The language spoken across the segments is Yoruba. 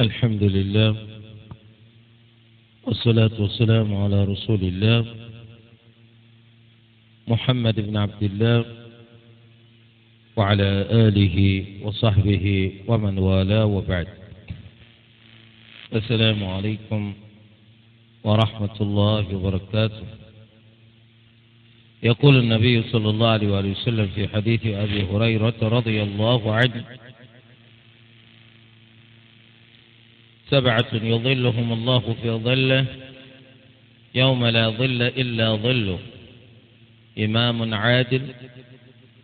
الحمد لله والصلاة والسلام على رسول الله محمد بن عبد الله وعلى آله وصحبه ومن والاه وبعد السلام عليكم ورحمة الله وبركاته يقول النبي صلى الله عليه وسلم في حديث أبي هريرة رضي الله عنه سبعة يظلهم الله في ظله يوم لا ظل إلا ظله إمام عادل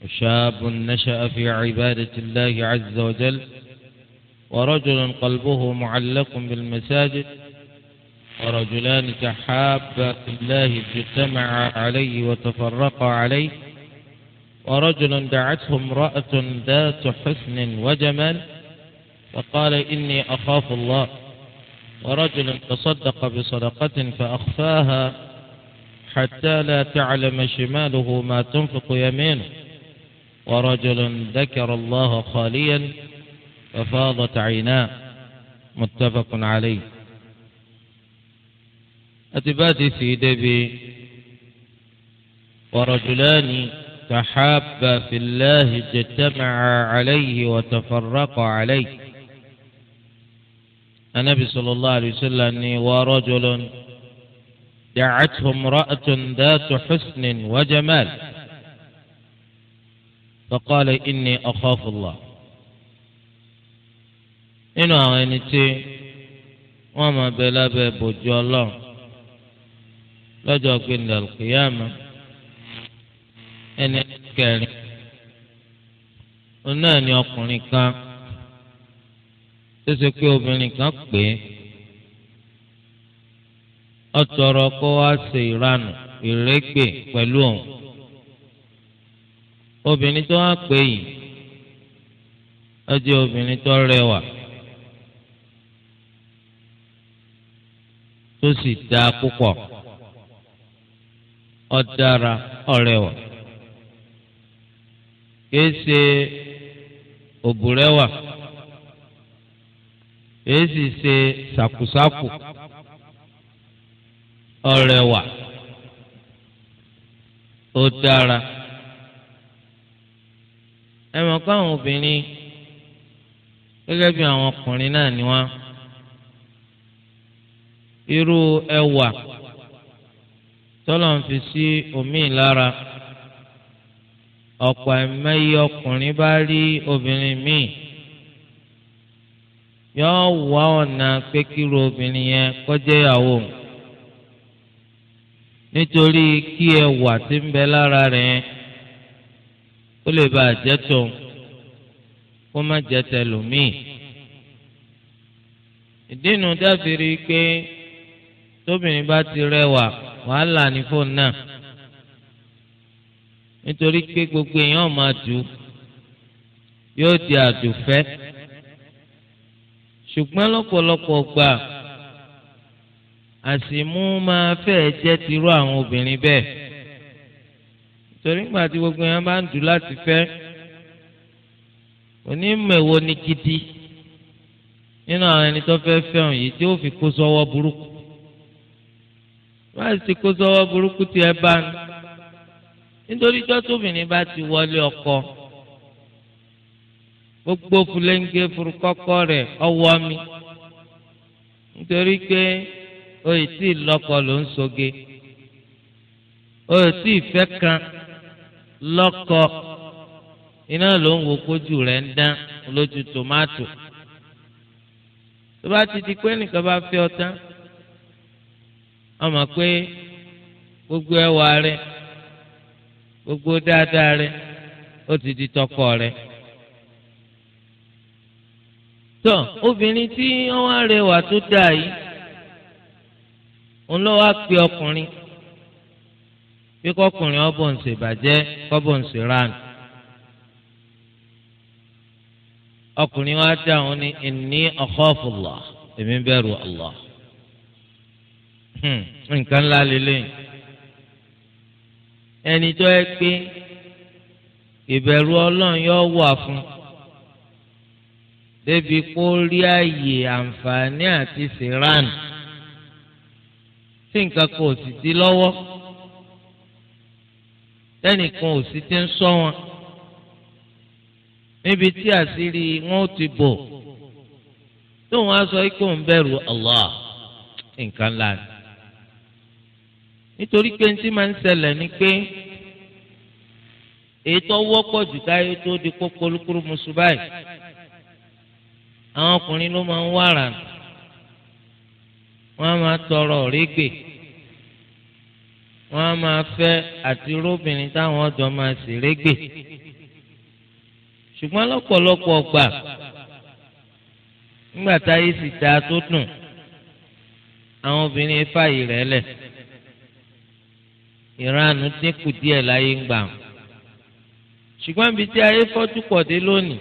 وشاب نشأ في عبادة الله عز وجل ورجل قلبه معلق بالمساجد ورجلان تحابا في الله اجتمعا عليه وتفرقا عليه ورجل دعته امرأة ذات حسن وجمال وقال إني أخاف الله ورجل تصدق بصدقة فأخفاها حتى لا تعلم شماله ما تنفق يمينه ورجل ذكر الله خاليا ففاضت عيناه متفق عليه أتباتي في دبي ورجلان تحابا في الله اجتمعا عليه وتفرقا عليه النبي صلى الله عليه وسلم ورجل دعته امرأة ذات حسن وجمال فقال إني أخاف الله إن أغنيتي وما بلا بوجه الله لجوك عند القيامة إن كان ونان يقول tó ṣe pé obìnrin kan pè é ọtọrọ kó wá ṣe ìranù ìrẹgbẹ pẹ̀lú òun obìnrin tó wá pè yìí ó jẹ́ obìnrin tó rẹwà tó sì dáa púpọ̀ ó dára kìí ṣe òbúrẹwà èyí sì ṣe ṣàkùṣàkù ọrẹwà ó dára ẹ mọ̀ pé àwọn obìnrin gẹ́gẹ́ bí àwọn ọkùnrin náà ni wọ́n irú ẹwà tọ́lọ̀ ń fi sí omi lára ọ̀pọ̀ ẹ̀mẹ́yẹ ọkùnrin bá rí obìnrin míì. yọ wá ọ̀nà pé kíru obìnrin yẹn kọjá ìyàwó nítorí kí ẹwà tí ń bẹ lára rẹ̀ ó lè bàa jẹ́ tó kó má jẹ́ tẹlòmíì ìdí dábìrì pé tóbìnrin bá ti rẹwà wàhálà ní fóònù náà nítorí pé gbogbo èèyàn máa dù yóò di àdùfẹ́ ṣùgbọ́n lọ́pọ̀lọpọ̀ gbà àsìmú máa fẹ́ẹ̀ jẹ́ tirú àwọn obìnrin bẹ́ẹ̀ torí ńgbà tí gbogbo yẹn bá ń dùn láti fẹ́ onímọ̀ẹ̀wò ni gidi nínú àwọn ẹni tó fẹ́ fẹ́ràn yìí tí ó fi kó sọ́wọ́ burúkú wọ́n ti kó sọ́wọ́ burúkú tí ẹ bá ní nítorí tó bá ti wọlé ọkọ gbogbo fúlẹ́ńgé furukọ́kọ́ rẹ̀ ọwọ́ mi nítorí pé o ì tí ì lọ́kọ ló ń soge o ì tí ì fẹ́ kan lọ́kọ iná ló ń wo kójú rẹ̀ ń dán lójú tòmátò tó bá ti di pé nìkan bá fẹ́ ọ tán ọmọ pé gbogbo ẹwà rẹ̀ gbogbo dáadáa rẹ̀ ó ti di tọkọ rẹ̀. tó obìnrin tí wọ́n wá rẹwà tó dáa yìí òun ló wá pe ọkùnrin bí kọkùnrin ọbọ̀ ń ṣe bàjẹ́ kọ́bọ̀ ń ṣe ránù. ọkùnrin wa dáhùn ní inni akhafu Allah èmi bẹ̀rù Allah hmm, nǹkan ńlá lélẹ́yìn ẹni ẹ pé ìbẹ̀rù ọlọ́run yóò wà fún un débi kó rí àyè àǹfààní àti siran tí nǹkan kan ò sì di lọ́wọ́ tẹ́nìkan ò sì ti ń sọ wọn níbi tí àṣírí wọn ò ti bò tóun á sọ pé òun bẹ̀rù Allah nǹkan ńlá ni nítorí pé ntí máa ń ṣẹlẹ̀ ni pé èyí tó wọ́pọ̀ jù káyé tó di kókó lukuru musu báyìí àwọn ọkùnrin ló máa ń wàrà nù wọ́n á máa tọrọ òrégbè wọ́n á máa fẹ́ àti róbìnrin táwọn ọ̀dọ́ máa sì régbè ṣùgbọ́n lọ́pọ̀lọpọ̀ ọgbà nígbà táyé sì ta tó dùn àwọn obìnrin fààyè rẹ̀ lẹ̀ ìranù dínkù díẹ̀ láyé ń gbà ṣùgbọ́n ibi tí ayé fọ́jú dé lónìí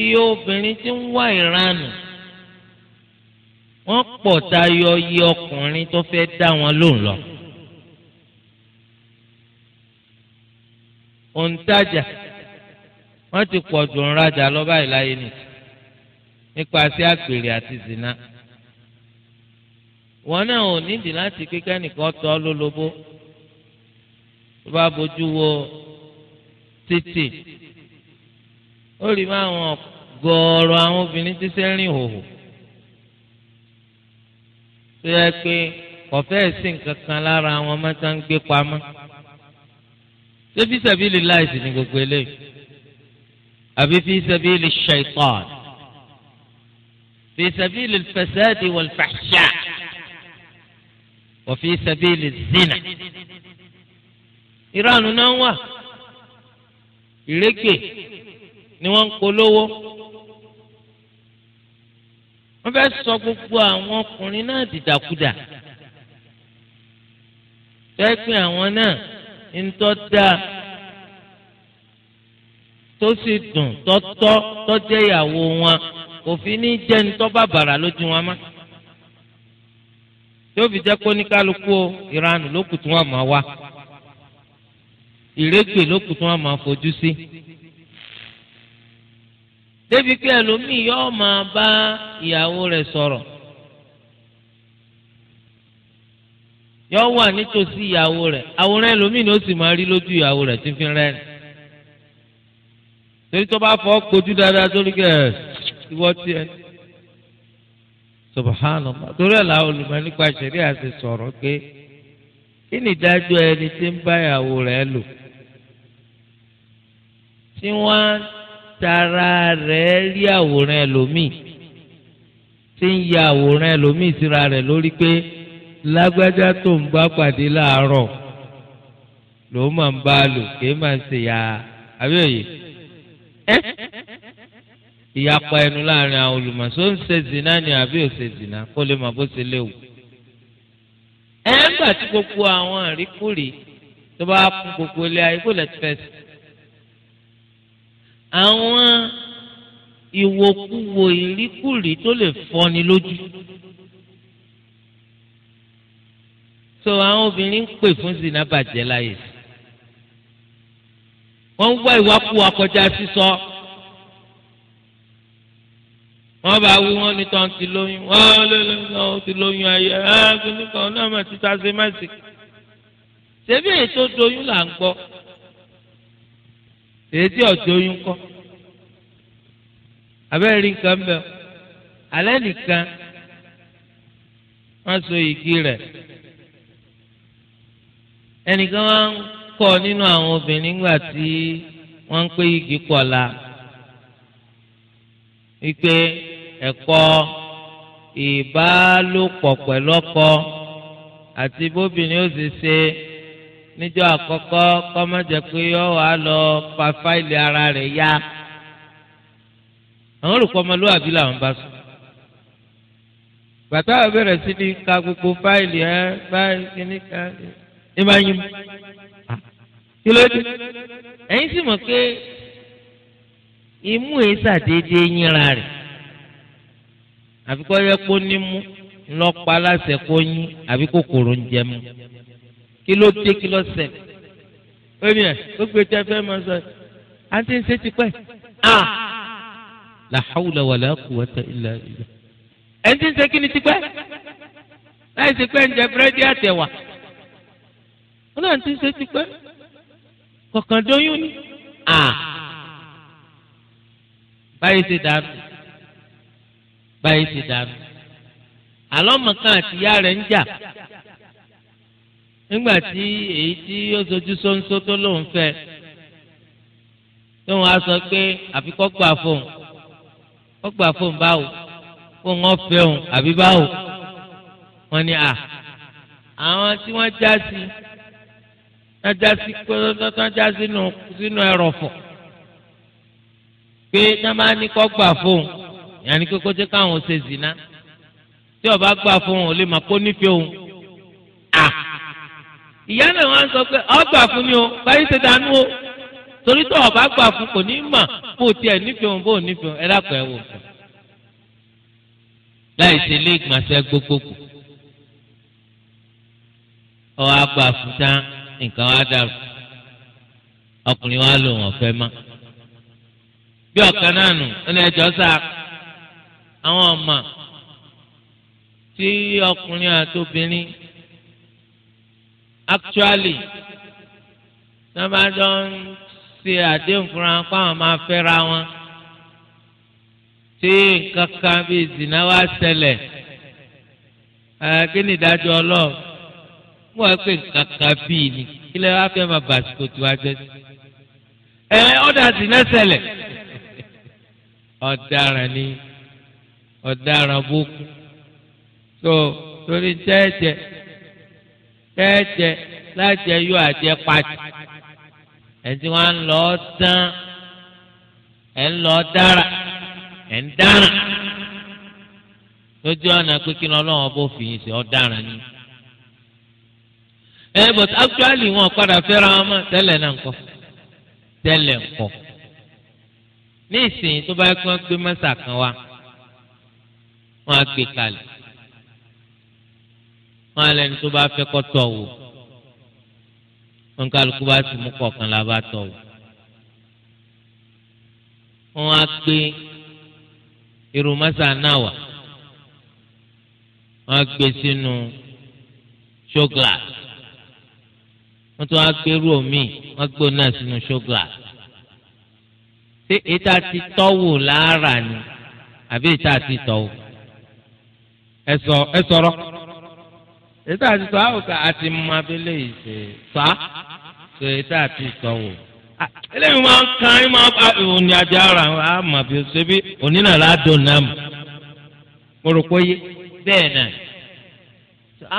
iye obìnrin tí ń wá ìranù wọ́n pọ̀ tayọ iye ọkùnrin tó fẹ́ dá wọn lóun lọ. òǹtajà wọ́n ti pọ̀ jù ń rajà lọ báyìí láyé nìyí nípasẹ̀ àgbèrè àti zina. wọn náà ò nídìí láti kíkẹ́ nìkan tọ́ lólobó tó bá bójú wo títì ó rí bá àwọn gọ̀ọ̀rọ̀ àwọn obìnrin tí sẹ́rìn hòhò tó yẹ pé kọ̀fẹ́ sí nǹkan kan lára àwọn ọmọ tá ń gbé pamọ́ ṣé fi sẹ́bílì láìsí ní gbogbo eléyìí àbí fi sẹ́bílì ṣaitan fi sẹ́bílì fasadi wal fahsha wa fi sẹ́bílì zina ìranu náà wà ìrékè ni wọ́n ń polówó wọ́n fẹ́ sọ gbogbo àwọn ọkùnrin náà dìdàkudà fẹ́ pé àwọn náà ń tọ́ dáa tó sì dùn tọ́tọ́ tọ́jẹ́ ìyàwó wọn kò fi ní jẹ́ ní tọ́ bàbàrà lójú wọn má tí fi jẹ́ kó ní kálukú ìranù lókùtù wọn máa wá ìrégbè lókùtù wọn máa fojú sí débi pé ẹlòmíì yóò máa bá ìyàwó rẹ̀ sọ̀rọ̀ yóò wà nítòsí ìyàwó rẹ̀ àwòrán ẹlòmíì ni ó sì máa rí lójú ìyàwó rẹ̀ tí fi rẹ́rìn torí tó bá fọ́ kojú dáadáa sórí kẹ́ ẹ̀ ìwọ tiẹ̀ subhanallah torí ẹ̀ làwọn olùmọ̀ nípa ṣẹ̀ríà ṣe sọ̀rọ̀ pé kí ni ìdájọ́ ẹni tí ń bá ìyàwó rẹ̀ lò tí wọ́n á tara rẹ̀ rí àwòrán ẹlòmíì tí ń ya àwòrán ẹlòmíì síra rẹ̀ lórí pé lágbájá tó ń bá pàdé láàárọ̀ ló máa ń bá a lò kí n máa ń ṣe ya àbíòye ẹ ìyapa ẹnu láàrin àwọn olùmọ̀só ń ṣe zina ni àbí ò ṣe zina kó lè mọ̀ bó ṣe léwu. ẹ ń gbà tí gbogbo àwọn àríkùrì tó bá kún gbogbo ilé ayé kó lè tẹ̀sí àwọn ìwòkuwò ìríkùrí tó lè fọ́ni lójú. so àwọn obìnrin ń pè fún zina bàjẹ́ láyè wọ́n ń wá ìwákùwà kọjá sísọ wọ́n bá wí wọ́n ní tán ti lóyún wọ́n lé lóyún ti lóyún ayé ẹ́ kí ni kan náà mà ti ta ṣe má ṣe. ṣebí èyí tó doyún là ń gbọ́ èyí tí ọ̀jọ́ yín kọ́ abẹ́rẹ́ rí nǹkan bẹ́ẹ̀ alẹ́ nìkan wọ́n so igi rẹ̀ ẹnìkan wọ́n ń kọ́ nínú àwọn obìnrin nígbà tí wọ́n ń pé igi kọ̀la wípé ẹ̀kọ́ ìbálòpọ̀ pẹ̀lọ́kọ àti bóbìnrin ó sì ṣe níjọ́ àkọ́kọ́ kọ́mọ́jẹ́ pé yọ wà lọ pa fáìlì ara rẹ̀ yá àwọn olùkọ́ ọmọlúwàbí làwọn bá sùn bàtà bẹ̀rẹ̀ sí ní ka gbogbo fáìlì ẹ báyìí kíní ká ẹ máa yín ah, kí ló dé ẹ̀yin sì mọ̀ pé imú èsà déédé yínra rẹ̀ àfikọ́ yẹ kó nímú ńlọ́pàá láṣẹ kó yín àbí kòkòrò ń jẹ mú kí ló dé kí ló ṣe ó ní ẹ ó gbé tẹ fẹ́ máa sọ à ń tí ń ṣe tipẹ́ à ah. la hawla wala quwwata illa billah ẹ ń tí ń ṣe kí ni tipẹ́ láì sí pé ń jẹ búrẹ́dì àtẹ̀wà ó náà ń ń ṣe tipẹ́ kọ̀ọ̀kan dóyún ni ah. báyìí ṣe dànù báyìí ṣe dànù àlọ́ mọ̀ká àtìyá rẹ̀ ń jà nígbà tí èyí tí ó sojú sọ́nsọ́ tó lóun fẹ́ tó wọn á sọ pé àfikọ́ gbà fóun ó gbà fóun báwo fóun wọn fẹ́ òun àbí báwo wọn ni à àwọn tí wọ́n já sí wọ́n já sí wọ́n já sínú sínú ẹrọ̀fọ̀ pé wọ́n máa ní kọ́ gbà fóun yàní kókó tí káwọn ṣe zìnà tí ó bá gbà fóun ò lè má kó nífẹ̀ẹ́ òun ìyá náà wọn sọ pé ọgbà fún ni o báyìí ṣe dànù o torí tó ọba gbà fún kò ní mà bó tiẹ̀ nífẹ̀ẹ́ òun bó nífẹ̀ẹ́ òun ẹ dákọ̀ ẹ wò ó. láì ṣe ilé ìgbọ̀nsẹ̀ gbogbogbò ọwọ́ agbà fún tán nǹkan wá dàrú ọkùnrin wa lò wọ́n fẹ́ mọ́. bí ọ̀kan náà nù ẹni ẹjọ́ sá àwọn ọmọ tí ọkùnrin àti obìnrin actually náà bá jọ ń ṣe àdéhùn fúnra fáwọn máa fẹ́ra wọn tí nǹkan kan bíi zina wá ṣẹlẹ̀ kí ni ìdájọ́ ọlọ́run wọ́n pè nǹkan kan bíi ni kí lè wá fẹ́ máa bàṣìkò tó wá jẹ́ ẹ ọ̀dà zina ṣẹlẹ̀ ọ̀daràn ni ọ̀daràn bókú tó torí jẹ́ ẹ̀jẹ̀. tẹ́ẹ̀jẹ láti ẹyọ àjẹ pati ẹtí wọn ń lọ dán ẹ ń lọ dára ẹ ń dára lójú ọ̀nà pé kí ni ọlọ́wọ́n bó fi yín sí ọ̀daràn ni. ẹ but actually wọn padà fẹ́ra wọn mọ́ tẹ́lẹ̀ náà kọ́ tẹ́lẹ̀ kọ́ ní ìsìn tó bá gbé mẹ́sà kan wá wọ́n á gbé wọn lẹ ní tó bá fẹ́ kọ tọ wò wọn kálukú bá sì mú kọ̀ọ̀kan la bá tọ wò wọn á gbé irun masa náà wà wọn á gbé sínú show wọn tún á gbé rú omi wọn gbó náà sínú show ṣé ìta ti tọ́wò lára ni àbí ìta ti tọ́wò ẹ sọ ẹ sọ̀rọ̀ ètò àti sọ àwòká àti mọ abẹ́lé yìí ṣe fa ṣe ètò àti sọ̀wọ́. eléyìí máa ń kan ẹ máa bá òní àti ara àwọn àmọ̀ bí o ṣe bí òní náà ládùn náà mọ̀. mo rò pé bẹ́ẹ̀ náà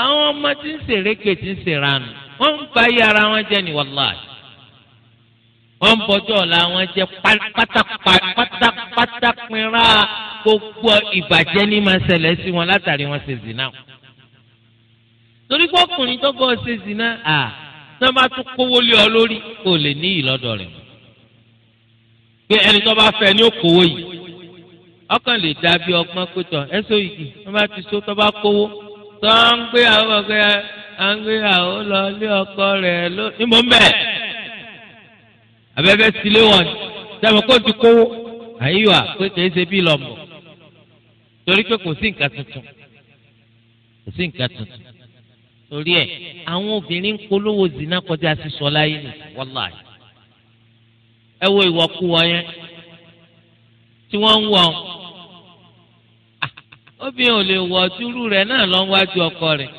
àwọn ọmọ tí ń ṣèrékè tí ń ṣèrànù wọ́n ń ba iye ara wọn jẹ́ ní wàláì wọ́n ń bọ́jọ́ ọ̀la wọn jẹ́ pátápátá gbogbo ìbàjẹ́ ní máa ṣẹlẹ̀ sí wọn látàrí wọn ṣe zina torí pé ọkùnrin tó bọ́ ṣe zina à tó bá tún kówó lé ọ lórí kò lè ní ìlọ́dọ̀ rẹ̀ mọ́ pé ẹni tó bá fẹ́ ni ó kówó yìí ọkàn lè dàbí ọgbọ́n pétọ̀ ẹ̀sọ́ yìí tó bá ti so tó bá kówó tó ń gbé àwọn ọ̀gá à ń gbé àwọn lọ lé ọkọ rẹ̀ ló ní mò ń bẹ̀ abẹ́fẹ́ sílé wọn sẹ́wọ̀n kó ti kówó àyíwá pé kìí ṣe bí lọ́mọ torí pé kò sí nǹkan tuntun kò sí nǹkan tuntun torí ẹ̀ àwọn obìnrin ń polówó zina kọjá sísọ láyé nì wàláì ẹ wo ìwọkuwọ yẹn tí wọ́n ń wọ̀ obìnrin ò lè wọ̀ túrú rẹ̀ náà lọ wájú ọkọ rẹ̀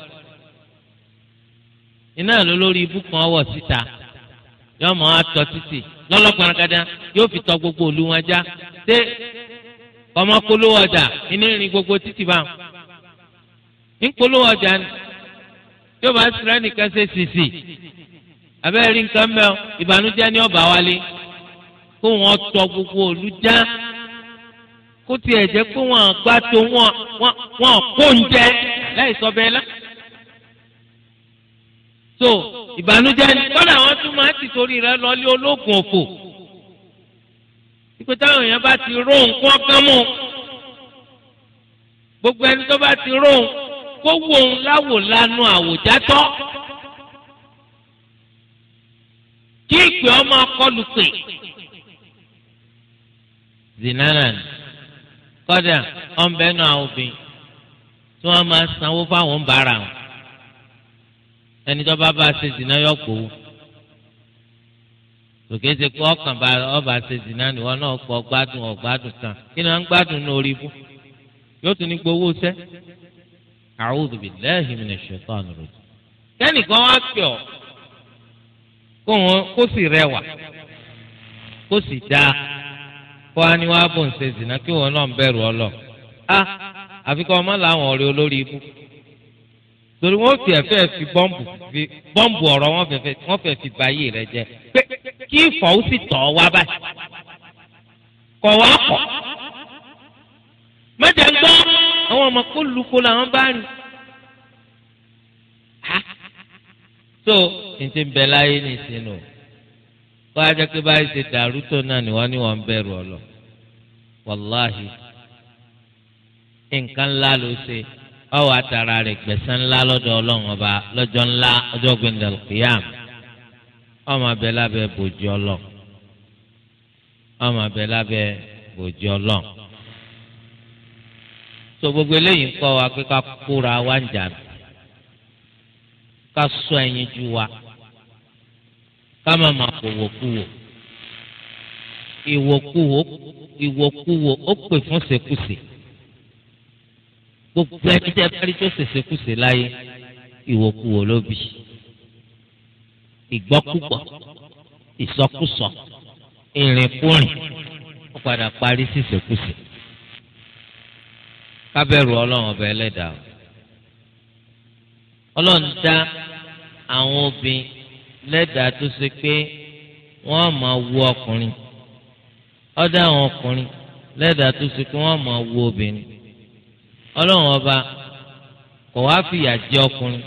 iná ló lórí ibú kan wọ̀ síta yọ mọ atọ títì lọlọpàá gada yóò fi tọ gbogbo òlu wọn já dé ọmọ polówó ọjà iná ìrìn gbogbo títì bá ń polówó ọjà ni tí o bá sira nìkan ṣe sisi abẹ́rẹ́ nǹkan mẹ́ọ̀ ìbànújẹ́ ni ọba wálé kó wọ́n tọ gbogbo olùjá kó tiẹ̀ jẹ́ pé wọ́n gbá tó wọ́n wọ́n kó ń jẹ láì sọ bẹ́ẹ̀ lá. so ìbànújẹ́ ni kọ́dà wọ́n tún máa ti torí rẹ̀ lọ́lé ológun òfò ìpè táwọn èèyàn bá ti ró nǹkan gánmọ́ gbogbo ẹni tó bá ti ró nǹkan kó wo òun láwò lanu àwòjátọ́ kí ìpè ọmọ akọlù pè zinanan kọ́dà ọ̀nbẹ náà àwọn obìnrin tí wọ́n máa sanwó fáwọn bàrà wọn ẹni tó bá bá ṣe zina yọ kó òkè ṣe kó ọkàn bá ọba ṣe zina ni wọn náà kọ gbádùn ọgbádùn kan kí ni wọn ń gbádùn ní orí ibú yóò tún ní gbowó sẹ́ẹ́ a'udhu billahi minash shaitani rajim. kẹ́nìkan wá pè ọ́ kó wọn kó sì rẹwà kó sì dáa kó wá ní wàá bò ń ṣe zìnà kí wọn náà ń bẹ̀rù ọ lọ. a ah, àfi kọ́ ọmọ làwọn ọ̀rẹ́ olórí ibú torí wọn fi ẹ̀fẹ̀ fi bọ́ǹbù fi bọ́ǹbù ọ̀rọ̀ wọn fẹ́ẹ́ wọn fẹ́ẹ́ fi báyé rẹ jẹ pé kí ìfọ̀ sì tọ̀ ọ wá báyìí kọ̀ wá kọ̀ mẹ́jẹ̀ táwọn ọmọ kó luko làwọn bá rìn. so n ti bẹ láyé ní ìsinú kó ajá pé báyìí ṣe dàrú tó náà ni wọ́n ní wọ́n ń bẹ̀rù ọlọ wàláhì nǹkan ńlá ló ṣe báwo àtàrà rẹ̀ gbẹ̀san ńlá lọ́dọ̀ Ọlọ́run ọba lọ́jọ́ ńlá ọjọ́ gbẹndẹlùkìyàm ọmọ abẹ lábẹ́ bòjú Ọlọ́run ọmọ abẹ lábẹ́ bòjú Ọlọ́run so gbogbo eléyìí ń kọ́ wa pé ká kóra wa ń jàdù ká sọ ẹyin ju wa ká má má kó wòkúwò ìwòkúwò ìwòkúwò ó pè fún ṣèkúṣe gbogbo ẹni tẹ bá rí tó ṣèṣekúṣe láyé ìwòkúwò ló bí ìgbọ́kúgbọ̀ ìsọkúsọ ìrìnkúrìn ó padà parí sí ṣèkúṣe kábẹ́rù ọlọ́run ọba ẹlẹ́dàá ọlọ́run dá àwọn obìnrin lẹ́dàá tó ṣe pé wọ́n máa wo ọkùnrin ó dá àwọn ọkùnrin lẹ́dàá tó ṣe pé wọ́n máa wo obìnrin ọlọ́run ọba kò wá fìyà jẹ ọkùnrin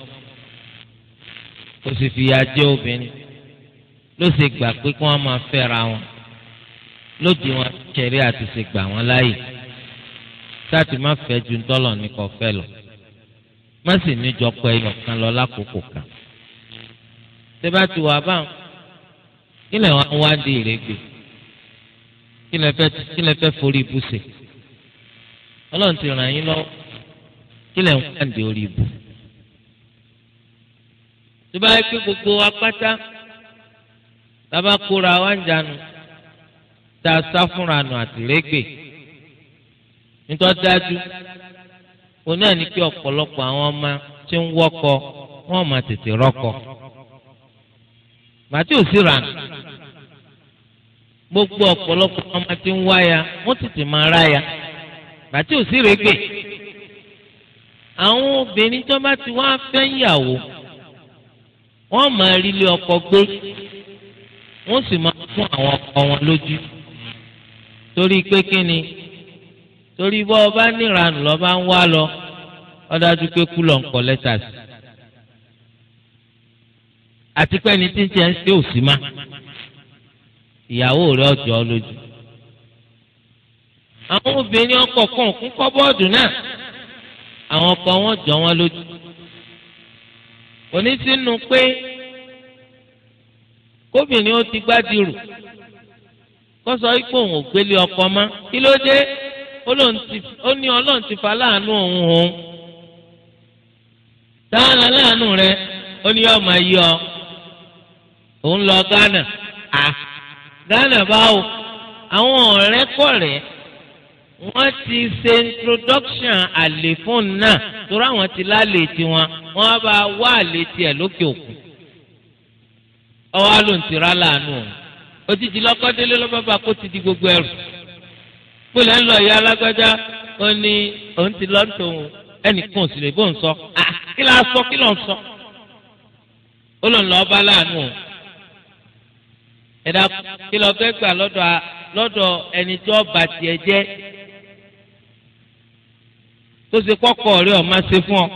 kò sì fìyà jẹ obìnrin ló ṣe gbà pé kí wọ́n máa fẹ́ra wọn lóde wọn kẹrí àti ṣe gbà wọn láàyè sáàtì má fẹ́ ju ńtọ́lọ̀ ní kò fẹ́ lọ má sì níjọ pé ẹyọ kan lọ lákòókò kan ṣé bá ti wà báwọn kí lè wọn wá di ìrẹ́gbẹ́ kí lè fẹ́ forí ibú ṣe ọlọ́run ti ràn yín lọ́wọ́ kí lè wá di orí ibú tó bá yẹ kí gbogbo apáta tá a bá kóra wá ń jánu tá a sá fúnra nù àtìrẹ́gbẹ́ nítorí dájú òun náà ní kí ọ̀pọ̀lọpọ̀ àwọn ọmọ tí ń wọ́kọ wọ́n máa tètè rọ́kọ. màtí ò sí ràn gbogbo ọ̀pọ̀lọpọ̀ ọmọ tí ń wáya wọ́n tètè máa ráya màtí ò sí rèégbè. àwọn obìnrin tó bá ti wá fẹ́ yàwó wọ́n máa rí ilé ọkọ gbé wọ́n sì máa fún àwọn ọkọ wọn lójú torí pé kí ni torí bọ́ ọba níranù lọ́ba ń wá lọ ọdájú pé kú lọ ń kọ lẹ́tà sí àti pé ẹni tí ń tiẹ̀ ń ṣe òsì má ìyàwó rẹ̀ ọjọ́ lójú àwọn obìnrin ọkọ̀ kan kún kọ́bọ́ọ̀dù náà àwọn ọkọ wọn jọ wọn lójú òní sínú pé kóbìnrin ó ti gbádìrú kó sọ ipò òun ò gbélé ọkọ mọ́ kí ló dé ó ní ọlọ́run ti fa láàánú òun òun táwọn aláàánú rẹ ó ní ọmọ yí ọ òun lọ Ghana à Ghana báwo àwọn ọ̀rẹ́ kọ̀rẹ́ wọ́n ti ṣe introduction àlè fún náà torí àwọn ti lálè tiwọn wọ́n á bá wá àlè tiẹ̀ lókè òkun ọwọ́ àlòǹtìrá láàánú òun òjijì lọ́kọ́délé lọ́bàbà kó ti di gbogbo ẹrù kó lẹ́ ń lọ ìyá alágbájá ó ní òun ti lọ́ tòun ẹnìkan sì lè bó ń sọ ah, kí la sọ kí lọ́n sọ ó lọ́n lọ́ọ́ bá láàánú ẹ̀dá kí lọ́ọ́ fẹ́ gbà lọ́dọ̀ lọ́dọ̀ ẹni tí ó bà tiẹ̀ jẹ́ tó ṣe kọ́kọ́ rí ọ̀ máa ṣe fún ọ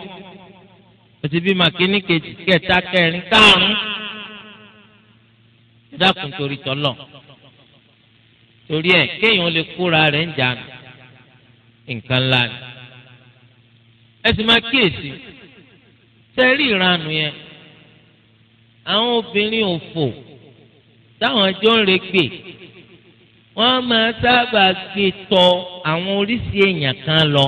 òtí bí màkínní kejì kẹta kẹrin káàrún dákun torí tọlọ torí ẹ kéèyàn lè kóra rẹ̀ ń jànú nǹkan ńlá ni ẹ sì máa kíyèsí sẹ́rí ìranù yẹn àwọn obìnrin òfò táwọn jọ ń regbè wọ́n máa sábà gbé tọ àwọn oríṣi èèyàn kan lọ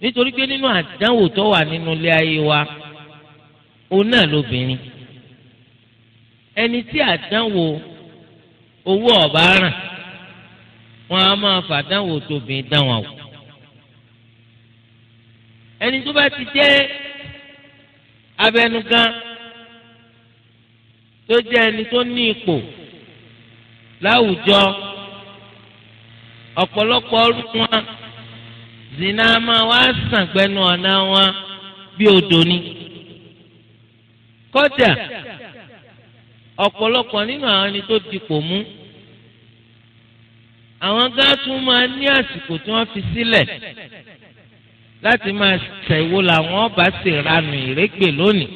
nítorí pé nínú àdánwò tó wà nínú ilé ayé wa òun náà lobìnrin ẹni tí àdánwò owó ọ̀bá ràn wọn á máa fàdánwò tóbi dáwọn o ẹni tó bá ti jẹ́ abẹnugan tó jẹ́ ẹni tó ní ipò láwùjọ ọ̀pọ̀lọpọ̀ ọdún wọn zina máa wá sàn gbẹnu ọ̀nà wọn bí odò ni kọjá ọ̀pọ̀lọpọ̀ nínú àwọn ẹni tó dipò mú àwọn gán tún máa ní àsìkò tí wọ́n fi sílẹ̀ láti máa ṣẹ̀wó làwọn bá ṣèranù ìrégbè lónìí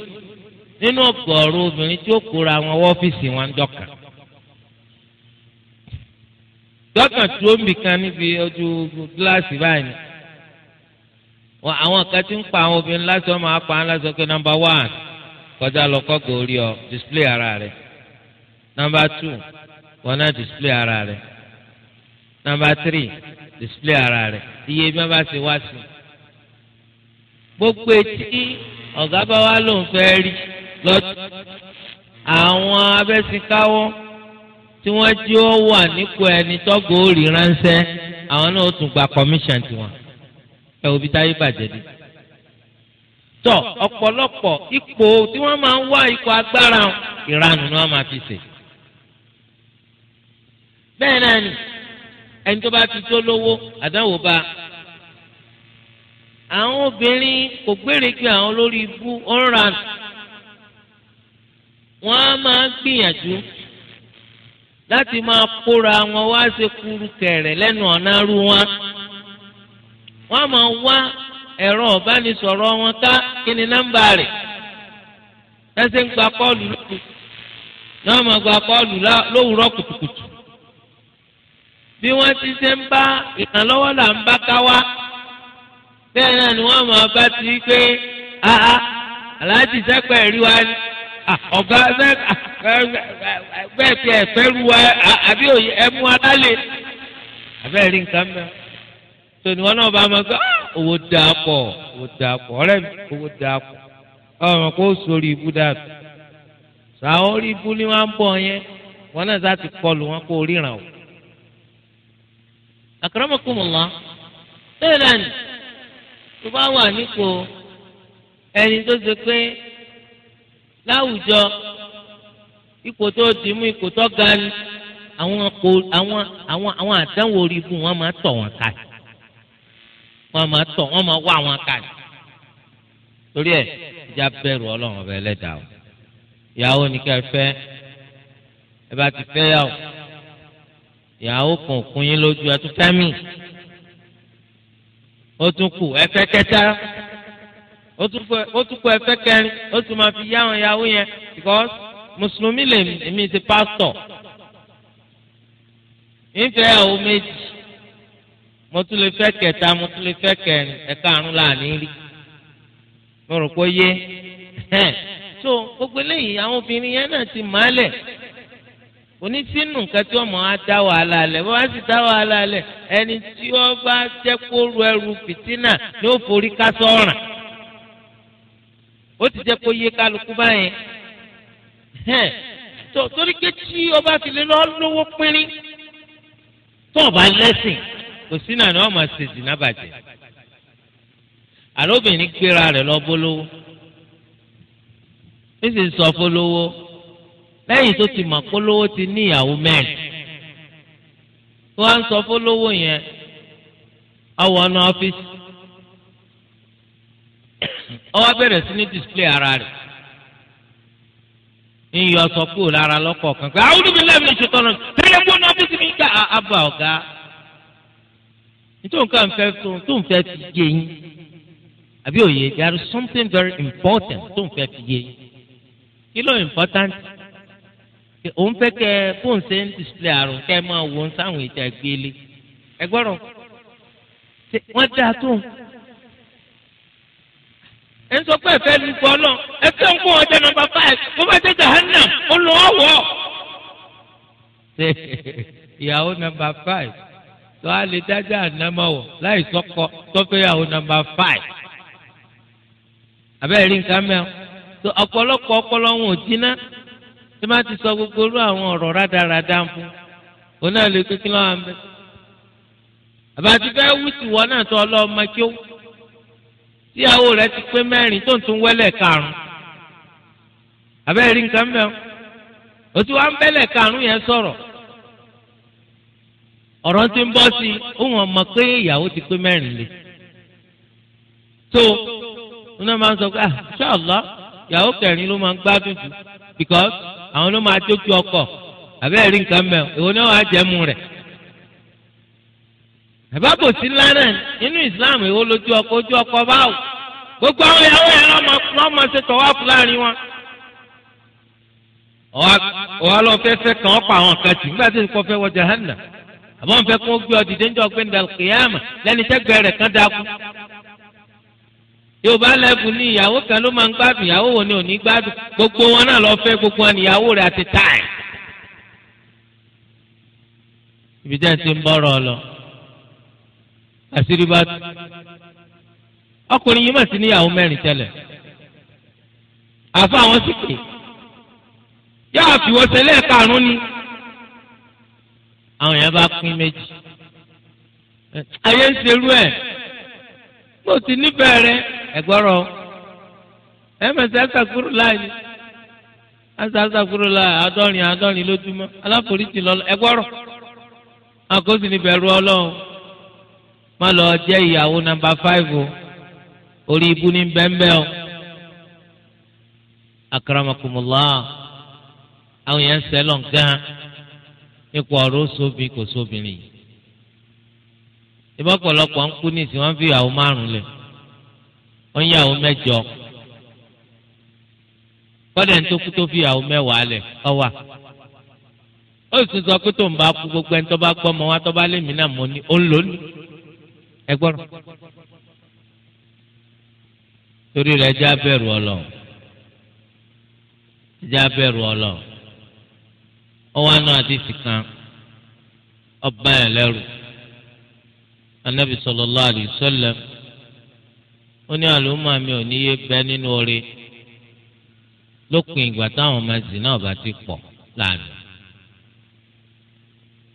nínú ọ̀gọ̀ọ̀rọ̀ obìnrin tí ó kóra àwọn ọ́fíìsì wọn dọ́kà. dọ́kà tó ń bì kan níbi ojú gíláàsì báyìí wọn àwọn kan ti ń pa àwọn obìnrin lásán máa pa á lásán pé nọ́mbà wán kọjá lọ kọ́gà orí ọ display ara rẹ̀. Number two wọn náà display ara rẹ nọmba three display ara rẹ iye bí wọn bá ṣe wá sí gbogbo etí ọ̀gá bá wá lòun fẹ́ rí lọ́dún àwọn abẹ́sìnkáwọ́ tí wọ́n jí ó wà nípò ẹni tọ́gọ̀ ó ránṣẹ́ àwọn náà ó tún gba commission tiwọn ẹ òbí táyé bàjẹ́ dé tọ ọ̀pọ̀lọpọ̀ ipò tí wọ́n máa ń wá ipò agbára ìranù ni wọ́n máa fi ṣe. bẹ́ẹ̀ náà ni ẹni tó bá ti lówó àdáwò bá àwọn obìnrin kò gbére àwọn lórí ibú ọ̀ràn wọ́n á máa gbìyànjú láti máa kóra wọn wá ṣe kúrú kẹrẹ lẹ́nu ọ̀nà arú wọn wọ́n á máa wá ẹ̀rọ ọ̀bánisọ̀rọ̀ wọn ká kí ni nọ́mbà rẹ̀ lẹ́sẹ̀ ń gba kùtùkùtù bí wọ́n ti ṣe ń bá ìrànlọ́wọ́ là ń bá ká wá bẹ́ẹ̀ náà ni wọ́n máa bá ti pé àá aláàjì sẹ́pẹ̀ rí wa ni ọ̀gá bẹ́ẹ̀ fi ẹ̀fẹ́ ru wa àbí òye ẹmu alálẹ̀ abẹ́ẹ̀ rí nǹkan mẹ́rin tó ni wọ́n náà bá máa gbọ́ owó da pọ̀ owó da pọ̀ ọ̀rẹ́ mi owó da pọ̀ ọmọ kó sórí ibú dàbí sàwọn orí ibú ni wọ́n ń bọ̀ yẹn wọ́n náà sá ti kọlù wọn kó ríran o akramakumullah bẹ́ẹ̀ náà ni tó bá wà nípò ẹni tó ṣe pé láwùjọ ipò tó dì mú ipò tó ga ni àwọn kò àwọn àwọn àwọn àdánwò orí ibú wọn máa tọ̀ wọn ká wọn máa tọ̀ wọn máa wá wọn ká torí ẹ̀ ìjà bẹ̀rù Ọlọ́run ọbẹ Ẹlẹ́dàá o ìyàwó ni kẹ́ fẹ́ ẹ bá ti fẹ́ yàwó ìyàwó kan kún yín lójú ẹtú tẹ́mì ó tún kù ẹfẹ́ kẹta ó tún kù ẹfẹ́ kẹrin ó tún máa fi yá àwọn ìyàwó yẹn because mùsùlùmí lèmi èmi ti pásítọ̀ ìfẹ́ ìyàwó méjì mo tún lè fẹ́ kẹta mo tún lè fẹ́ kẹrin ẹ̀ka àrùn láàánú rí mo rò pé ó yé so gbogbo eléyìí àwọn obìnrin yẹn náà ti máa lẹ̀ onísínú nǹkan tí wọn máa dá wàhálà lẹ wọn á sì dá wàhálà lẹ ẹni tí wọn bá jẹ kó ru ẹrù fìtínà ní ó forí ká sọràn ó ti jẹ kó yé kálukú báyẹn hẹn tó torí pé tí ọba ti lè lọ lówó pínrín tó ọba lẹ́sìn kò sí náà ni wọn máa ṣèṣì náà bàjẹ́ àlóbìnrin gbéra rẹ̀ lọ bólówó ó sì sọ fólówó lẹ́yìn tó ti mọ̀ polówó ti ní ìyàwó mẹ́rin tó wá ń sọ polówó yẹn ọwọ́ ọ̀nà ọ́fíìsì ọwọ́ bẹ̀rẹ̀ sí ní display ara rẹ̀ iyọ̀ sọ kúrò lára lọ́kọ̀ọ̀kan pé àwọn olùbí lẹ́mìí ṣe tọ́nà tẹ́lẹ̀ gbọ́n náà bísí mi gbà àbá ọ̀gá nítorí nǹkan fẹ́ tó ń fẹ́ ti yé yín àbí òye there is something very important tó fẹ́ ti yé yín kí ló important òun fẹ́ kẹ́ fóun ṣe ń display àrùn kẹ́ máa wò ó sáwọn ìjà gbélé ẹ gbọ́dọ̀ wọ́n dáa tó ẹ ń sọ pé ẹ̀fẹ́ lu gbọ́ lọ ẹ fẹ́ ń kó wọn jẹ nọ́mbà five bó bá jẹ jahanna ó lọ wọ̀ ìyàwó nọ́mbà five tó a lè dájà ànámọ́wọ̀ láì sọ́kọ tọ́fẹ́yàwó nọ́mbà five abẹ́rẹ́ rí nǹkan mẹ́wọ́ ọ̀pọ̀lọpọ̀ ọpọlọ wọn ò jiná tí má ti sọ gbogbo irú àwọn ọ̀rọ̀ rádaràdá fún òun náà lè pé kí lọ́wọ́ àmì. àbájú fẹ́ wú sí wọn náà tó ọlọ́mọ kí ó tíyàwó rẹ̀ ti pé mẹ́rin tó ń tún wẹ́lẹ̀ karùn-ún àbẹ́rẹ́ nǹkan mẹ́rin o ti wá ń bẹ́lẹ̀ karùn-ún yẹn sọ̀rọ̀ ọ̀rọ̀ ti ń bọ́ sí i ó wọ́n mọ̀ pé ìyàwó ti pé mẹ́rin lé tó wọn náà máa ń sọ pé ah ṣáà lọ ìyàwó kẹrin ló máa ń gbádùn jù because. àwọn ló máa tójú ọkọ̀ àbẹ́ẹ̀ rí nǹkan mẹ́ ìwọ náà wàá jẹ́mu rẹ̀ àbábò sí lánà nínú Islam ìwọ lójú ọkọ̀ ojú ọkọ̀ báwò gbogbo àwọn ìyàwó yẹn lọ́mọ ṣe tọ́wọ́ fúláàrin wọn ọ̀wá lọ fẹ́ fẹ́ kàn ọ́ pa àwọn kan tì nígbà tí kò fẹ́ wọ jahanna àbọ̀ nfẹ́ kó gbé ọ dìde lẹ́ni tẹ́gbẹ́ rẹ̀ kan dákú yorùbá lẹ́bùn ní ìyàwó kan ló máa ń gbádùn ìyàwó wo ni ò ní gbádùn gbogbo wọn náà lọ fẹ́ gbogbo wọn níyàwó rẹ̀ àti táì. ibi jẹ́ ti ń bọ́rọ̀ lọ àṣírí bá tú ọkùnrin yìí mà sí níyàwó mẹ́rin tẹ́lẹ̀ àfa àwọn sì pè yóò àfiwọ́sẹ̀ lẹ́ẹ̀karùn-ún ni àwọn yẹn bá pín méjì ayé ń serú ẹ̀ mo ti níbẹ̀rẹ̀ ẹgbọrọ ẹ mẹsẹ asakuru láàyè asa asakuru láàyè àádọ́rin àádọ́rin lójúmọ aláforíjì lọlọ ẹgbọrọ àkóso ní bẹ̀rù Ọlọ́run má lọ jẹ ìyàwó nàmbà fáìfù orí ibú ní bẹ́ńbẹ́ o akaramakumula àwọn yẹn ń sẹ́lọ̀ gan ipò ọ̀rọ̀ sóbì kò sóbìnrin yìí ìbọ̀pọ̀lọpọ̀ ń kú ní ìsìn wọn fi ìyàwó márùn lẹ̀ ó ń yàwó mẹ́jọ kọ́dẹ̀ tó kú tó fi yàwó mẹ́wàá lẹ̀ ọ wà ó sì sọ pé tó ń bá kú gbogbo ẹni tó bá gbọ́ ọmọ wa tó bá lé mi náà mọ́ ni ó ń lò ní ẹ torí rẹ̀ já bẹ̀rù Ọlọ́run já bẹ̀rù Ọlọ́run ó wá náà àti sìkan ọba ẹ̀ lẹ́rù anabi sallallahu alaihi wasallam ó ní àlùmọ́ mi ò ní yé bẹ́ nínú oore lópin ìgbà táwọn ọmọ zina bá ti pọ̀ láàánú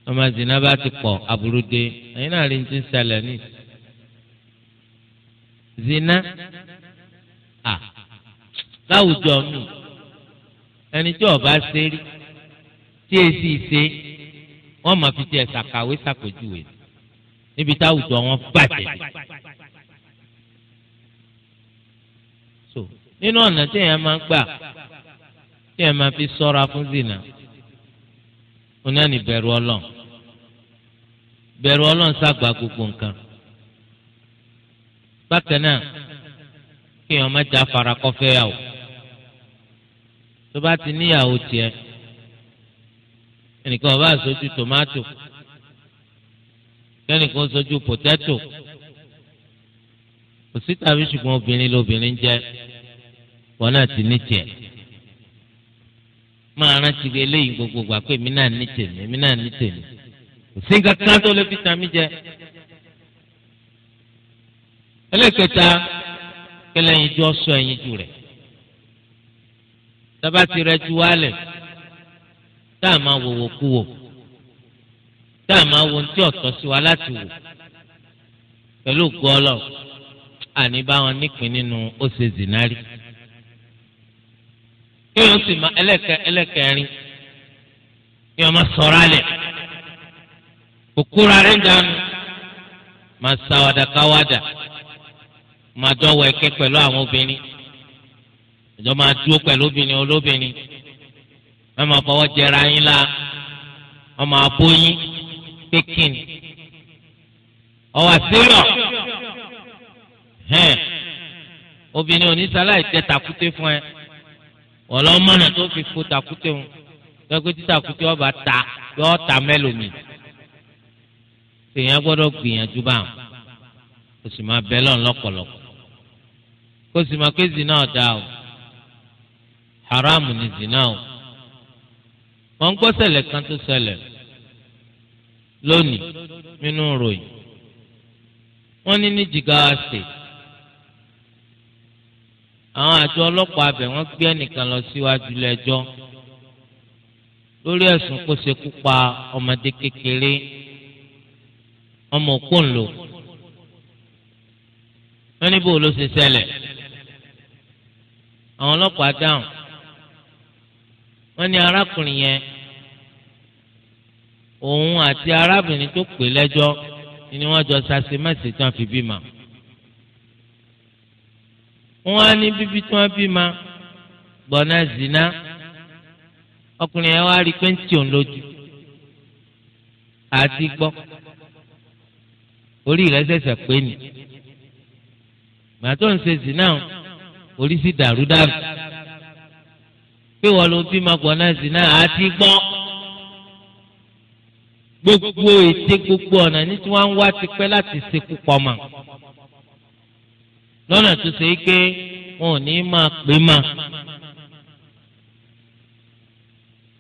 ọmọ zina bá ti pọ̀ aburú dé ẹ̀yin náà rí ti ń ṣẹlẹ̀ ní zina à láwùjọ nù ẹni tí ọba ṣe rí tí èsì e ṣe wọn máa fi tiẹ̀ ṣàkàwé ṣàpèjúwe níbi táwùjọ wọn bàjẹ́ so nínú ọ̀nà tí èèyàn máa ń gbà tí èèyàn máa fi sọ́ra fún zina òun náà ní bẹ̀rù ọlọ́run bẹ̀rù ọlọ́run ṣàgbà gbogbo nǹkan bákan náà kí èèyàn má já fara kọ́fẹ́ yàwó tó bá ti níyàwó tiẹ̀ ẹnìkan ọba àṣojú tòmátò kẹ́nìkan ṣojú pòtẹ́tò kò sí tàbí ṣùgbọ́n obìnrin lóbìnrin jẹ́ wọn náà ti ní tiẹ̀ máa rántí eléyìí gbogbo gbà pé èmi náà ní tèmi èmi náà ní tèmi kò sí nǹkan kan tó lè fi tàmí jẹ. ẹlẹ́kẹta kẹlẹ́yin jọ sọ ẹyin jù rẹ̀ tábà ti rẹ ju wálẹ̀ tá a máa wòwò kú wò tá a máa wo ohun tí ọ̀tọ̀ sí wa láti wò pẹ̀lú gọ́ọ̀lọ́ọ̀ àní bá wọn nípìn nínú ó zinari kí wọn sì máa ẹlẹ́kẹ ẹlẹ́kẹrin kí wọn máa sọ̀rọ̀ alẹ̀ òkúra rẹ̀ ń dànù máa sáwádà káwádà máa dọ́wọ́ ẹ̀kẹ́ pẹ̀lú àwọn obìnrin ìjọ máa dúró pẹ̀lú obìnrin olóbìnrin wọn máa fọwọ́ jẹra yín la wọn máa bóyín pékin ọwọ́ àṣírí hẹ́n hmm. obìnrin onísàlàyé tẹ tàkúté fún ẹ ọlọ́mọ́nà tó fi fo tàkúté wọn lọ́gbẹ́ tí tàkúté ọba ta yọ ta mẹ́lòmí èèyàn gbọ́dọ̀ gbìyànjú báwọn kò sì máa bẹ́ lọ́n lọ́pọ̀lọpọ̀ kò sì máa ké zina ọ̀dà o haramu ni zina o wọ́n ń gbọ́ ṣẹlẹ̀ kan tó ṣẹlẹ̀ lónìí nínú ròyìn wọ́n ní ní Jigawa state àwọn àjọ ọlọ́pàá abẹ wọ́n gbé ẹnìkan lọ síwájú lẹ́jọ́ lórí ẹ̀sùn kó ṣekú pa ọmọdé kékeré ọmọ òkú ńlò wọ́n ní bó ló ṣe ṣẹlẹ̀ àwọn ọlọ́pàá dáhùn wọ́n ní arákùnrin yẹn òun àti arábìnrin tó pè lẹ́jọ́ ni wọ́n jọ ṣàṣemẹsì tán fi bímọ wọ́n á ní bíbí tí wọ́n bí ma gbọ̀nà zina ọkùnrin yẹn wá rí pé ń tì òun lójú àti gbọ́ orí rẹ̀ ṣẹ̀ṣẹ̀ pé nì màtó ń ṣe zina orí sì dàrú dàrú pé wọ́n ló bí ma gbọ̀nà zina àti gbọ́ gbogbo ète gbogbo ọ̀nà ní tí wọ́n ń wá tipẹ́ láti ṣekú pọ̀ mọ́ lọ́nà tó ṣe é pé wọn ò ní máa pè má.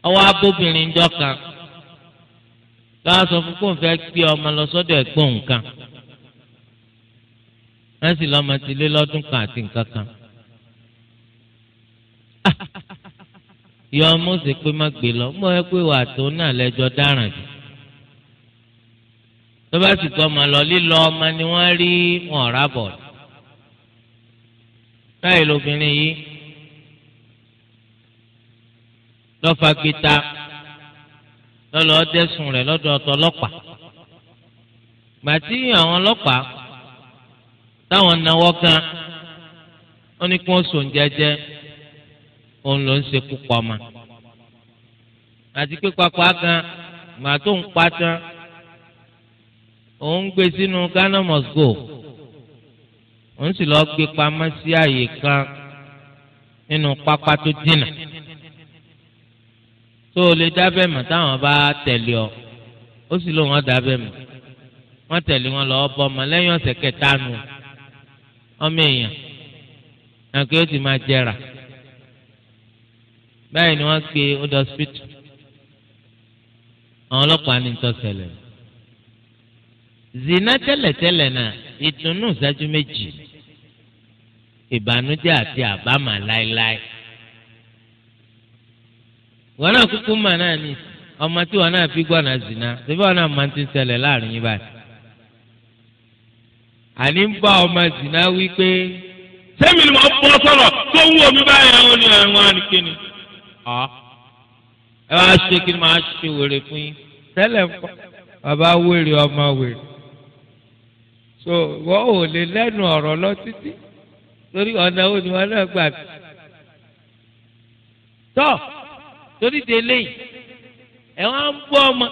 ọwọ́ abóbìnrin jọ kan lọ́wọ́ sọ fún kóun fẹ́ gbé ọmọ lọ sọ́dọ̀ ẹ̀gbọ́n nǹkan wọ́n sì lọ́mọ ti lé lọ́dún kan àti nǹkan kan. Ah! yọ ọmọ sì pé má gbé lọ mọ ẹ pé wà tó náà lẹ́jọ́ dáràn jù tó bá sì gbọ́ ọmọ lọ lílọ ọmọ ni wọ́n rí wọn ọ̀rá bọ̀ọ̀lù báyìí lóbìnrin yìí lọ́fàgbìta lọ́lọ́ dẹ́sùn rẹ̀ lọ́dọ̀ ọ̀tọ̀ ọlọ́pàá gbàtí àwọn ọlọ́pàá táwọn náwó kan ó ní kí wọ́n sùn jẹ́jẹ́ òun ló ń ṣekú pa ọmọ àti pé papọ̀ kan gbà tó ń pa tán òun gbé sínú Ghana must òun sì lọ́ọ́ gbé pamọ́ sí àyè kan nínú pápá tó dínà tó o lè dábẹ́ mọ̀ táwọn bá tẹ̀lé ọ ó sì lóun ọ̀ dábẹ́ mọ̀ wọ́n tẹ̀lé wọn lọ́ọ́ bọ́ ọmọ lẹ́yìn ọ̀sẹ̀ kẹta nù ọmọ èèyàn náà kí ó ti máa jẹrà báyìí ni wọ́n gbé ó dọ àwọn ọlọ́pàá ní ìtọ́sẹ̀lẹ̀ zina tẹ́lẹ̀tẹ́lẹ̀ náà ìtùnú ìṣẹ́jú méjì ìbànújẹ́ àti àbámà láéláé wọn náà kúkú mà náà ní ọmọ tí wọn náà fi gbọnà zina síbí wọn náà máa ti ń ṣẹlẹ̀ láàrin yín báyìí àní ń bá ọmọ zina wí pé sẹ́mi ni mo bọ́ sọ̀rọ̀ tó wú omi báyìí àwọn ni ẹ̀wọ̀n ànìkíni. ẹ wá ṣe kí ni màá ṣe wèrè fún yín tẹ́lẹ̀ ń kọ́ bàbá wèrè ọmọ wèrè so wọ́n ò lè lẹ́nu ọ̀rọ̀ lọ títí torí ọ̀nà wo ni wọn náà gbà bí. tọ́ torí délé yìí ẹ̀ wọ́n á ń bọ́ ọmọ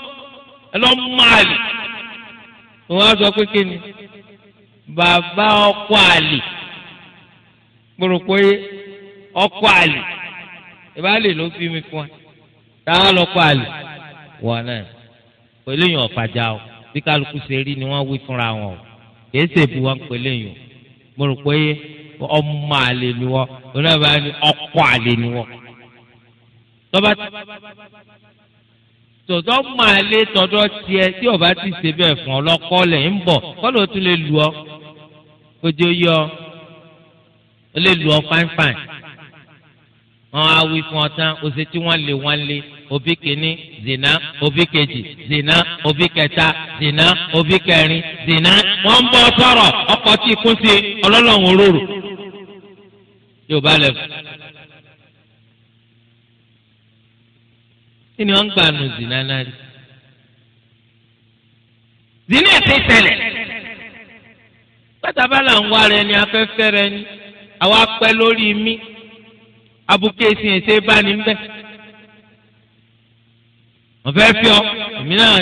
ẹ lọ́ mọ àlè wọ́n á sọ pé kí ni bàbá ọkọ àlè kpọ̀rọ̀kọ̀ yẹ ọkọ àlè ìbá lè ló fi mi fún ẹ táwọn lọkọ àlè wọn náà pẹ̀lú yẹn ọ̀fàjà o bí kálukú ṣe rí ni wọ́n wí fúnra wọn o kìí ṣèbí wọn pẹ̀lú yẹn kpọ̀rọ̀kọ̀ yẹ ọmọ àlè ni wọ́n onábàá ni ọkọ àlè ni wọ́n. tọ́ba tọ̀dọ̀ ọmọ àlè tọ̀dọ̀ tiẹ̀ tí o bá ti ṣe bẹ́ẹ̀ fún ọ lọ́kọ́ lẹ̀ ń bọ̀ kọ́lọ́ tún lè lù ọ́ kójú yọ ó lè lù ọ́ fáínfáìn wọn á wí fún ọ tán ọ̀sẹ̀ tí wọ́n lé wọ́n lé òbí kìíní zina òbí kejì zina òbí kẹta zina òbí kẹrin zina wọ́n ń bọ́ sọ̀rọ̀ ọkọ tí kún sí ọlọ́lọ́run òróró yóò bá lẹ̀ fún. kí ni wọ́n ń gbà nù zìnnà náà rí. zìnnà ti ṣẹlẹ̀. bàtà bá là ń wá rẹ ni afẹ́fẹ́ rẹ ni àwa pẹ́ lórí mi abuké sí ẹsẹ̀ bá ní bẹ́ẹ̀. wọ́n fẹ́ fi ọ èmi náà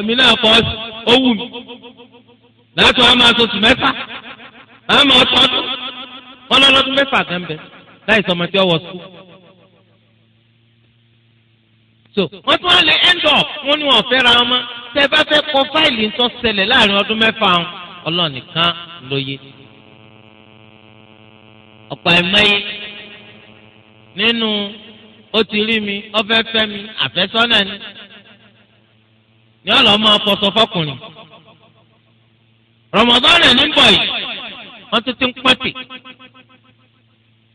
èmi náà kọ́ ó wù mí. látọ̀ á máa sọ sùmẹ́fà á máa tọ́jú wọn lọ́lọ́dún mẹ́fà kan bẹ láì sọmọ tí ó wọ sùkúl. so wọ́n tún wọ́n lè end up wọ́n ní wọ́n fẹ́ ra wọn mọ́ tẹ́ bá fẹ́ kọ fáìlì ń tọ́ ṣẹlẹ̀ láàrin ọdún mẹ́fà wọn ọlọ́run nìkan ló yé. ọ̀pọ̀ ẹ̀mẹ́yẹ nínú ó ti rí mi ọ̀fẹ́ fẹ́ mi àfẹ́sọ́nà ni ni ọlọ́mọ afọ̀sọ̀ fọkùnrin rọmọdọ́nà ní bọ̀ yìí wọ́n tún ti ń pàtì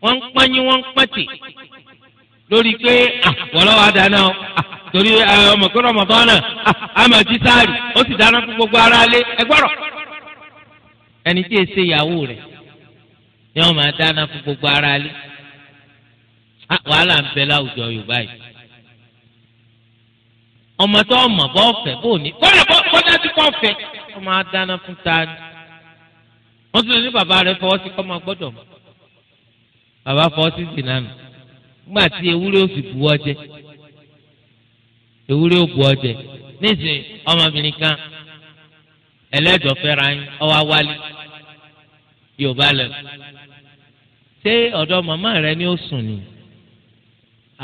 wọ́n ń pàyín wọ́n ń pàtì lórí pé ah, bọ́lá wa dáná o ah, torí eh, ọmọ kí Ramadan náà àmọ̀ ah, jí sáàrì ó sì dáná fún gbogbo ara lé ẹgbọ́rọ̀ ẹni tí èsè ìyàwó rẹ̀ ni wọ́n máa dáná fún gbogbo ara lé wàhálà ń bẹ láwùjọ Yorùbá yìí ọmọ tó ọmọ bọ́ fẹ́ bóòní kọ́nà kọ́nà tí kò fẹ́ ọmọ á dáná fún ta ni wọ́n tún lè ní bàbá rẹ̀ fọwọ́ sí kọ́mọ gbọ́dọ̀ mọ́ bàbá fọwọ́ sí sí nánu nígbà tí ewúrẹ́ ò sì bu ọjẹ ewúrẹ́ ò bu ọjẹ nísìnyí ọmọbìnrin kan ẹlẹ́dọ̀ fẹ́ra yín ọwọ́ awálé yorùbá lẹ̀ ṣé ọ̀dọ̀ màmá rẹ ni ó sùn ni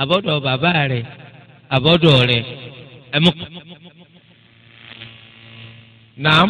àbọ̀dọ̀ bàbá rẹ àbọ̀dọ̀ rẹ ẹ̀mú. Naam.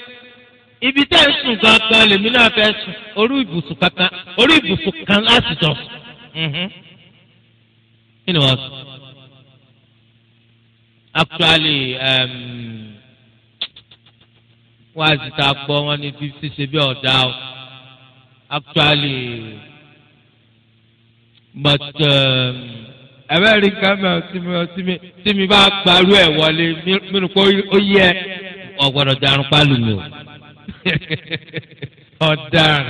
ibi tẹ́ ń sùn gangan lèmi náà fẹ́ sùn orí ibùsùn kankan orí ibùsùn kan láti jọ sùn. Mhm. kí ni wọ́n sọ? actually wọ́n á sì ta gbọ́ wọn ní fífi ṣe bí ọ̀dà o actually but ẹ̀rẹ́ rí kámẹ́ tí mi bá gbarú ẹ̀ wọlé mi rò pé ó yẹ ọ̀gbọ̀dọ̀ darun pálù mi o. ọ̀daràn.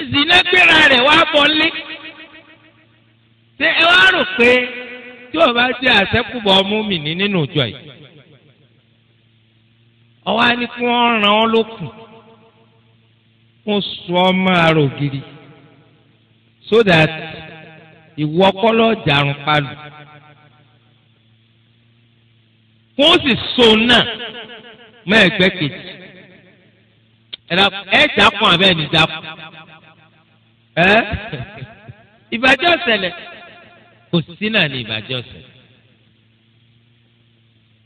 ìsìnàgbéra rẹ̀ wá bọ́lé ṣé ẹ wá rò pé tí o bá jẹ́ àṣẹ́kùbọ̀ ọmú mi ní nínú ìjọ yìí ọwọ́ á ní kí wọ́n ràn ọ́ lókun kó sọ ọmọ àrò so that ìwọ ọpọlọ jàrún palù kó sì so náà mọ́ ẹgbẹ́ kejì ẹ dàpọ̀ abẹ́ ní dàpọ̀ ẹ ìbàjẹ́ ọ̀sẹ̀lẹ̀ kò sí náà ní ìbàjẹ́ ọ̀sẹ̀lẹ̀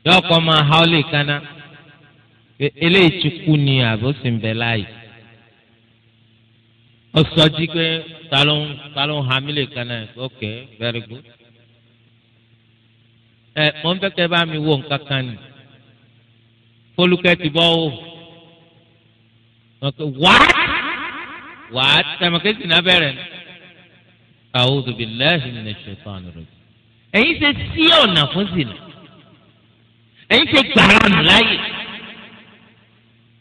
yọ ọkọ máa ha ọ lè kaná eléyìí ti kú ni àbó sì ń bẹ láàyè ó jí pé ta ló ń lè kaná ok very good ẹ mọ̀ ń fẹ́ kẹ́ bá mi wò nǹkan kan nìyí fọlùkẹ́tì bọ́ o wàá wàá tẹmọkẹ́sì náà bẹ̀rẹ̀ ni. a'udhu billahi minash shaitani rajim. ẹ̀yin ṣe sí ọ̀nà fún zina ẹ̀yin ṣe gbàrà nù láàyè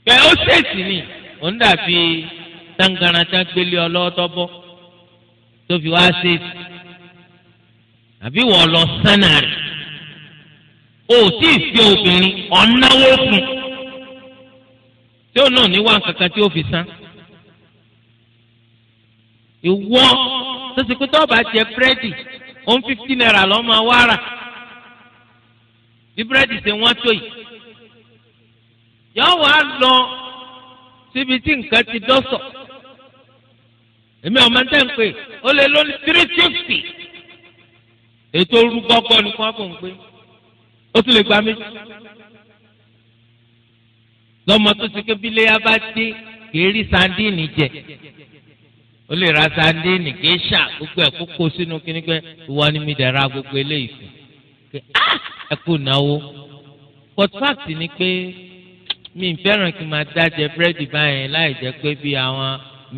bẹ́ẹ̀ ó ṣèṣì ni òun dàbí tangaranta gbélé ọlọ́tọ́ bọ́ tó wá ṣèṣì àbí wọ́n lọ sánà rẹ̀ o tí ì fi obìnrin ọ̀nàwó fún tí ó náà níwá kankan tí ó fi san ìwọ tó ti pé tó bá jẹ búrẹ́dì ó ń fifty naira lọ́ máa wá rà bí búrẹ́dì ṣe wọ́n tó yìí yóò wá lọ síbi tí nǹkan ti dọ́sọ̀ èmi ọmọ tẹ́ ń pè ó lè lóní three fifty ètò orúkọ ni kò á kò ń pè é ó tún lè gba méjì lọ́mọ tó ti ké bílé yá bá dé kìí rí sandíìnì jẹ ó lè ra sandíìnì kìí ṣà gbogbo ẹ̀ kó kó sínú kíní pé ìwọ ni mi dẹ̀ gbogbo eléyìí fún ah, ẹ kú náwó but ni pé mi ń fẹ́ràn kí n máa dájẹ búrẹ́dì báyẹn láì jẹ́ pé bí àwọn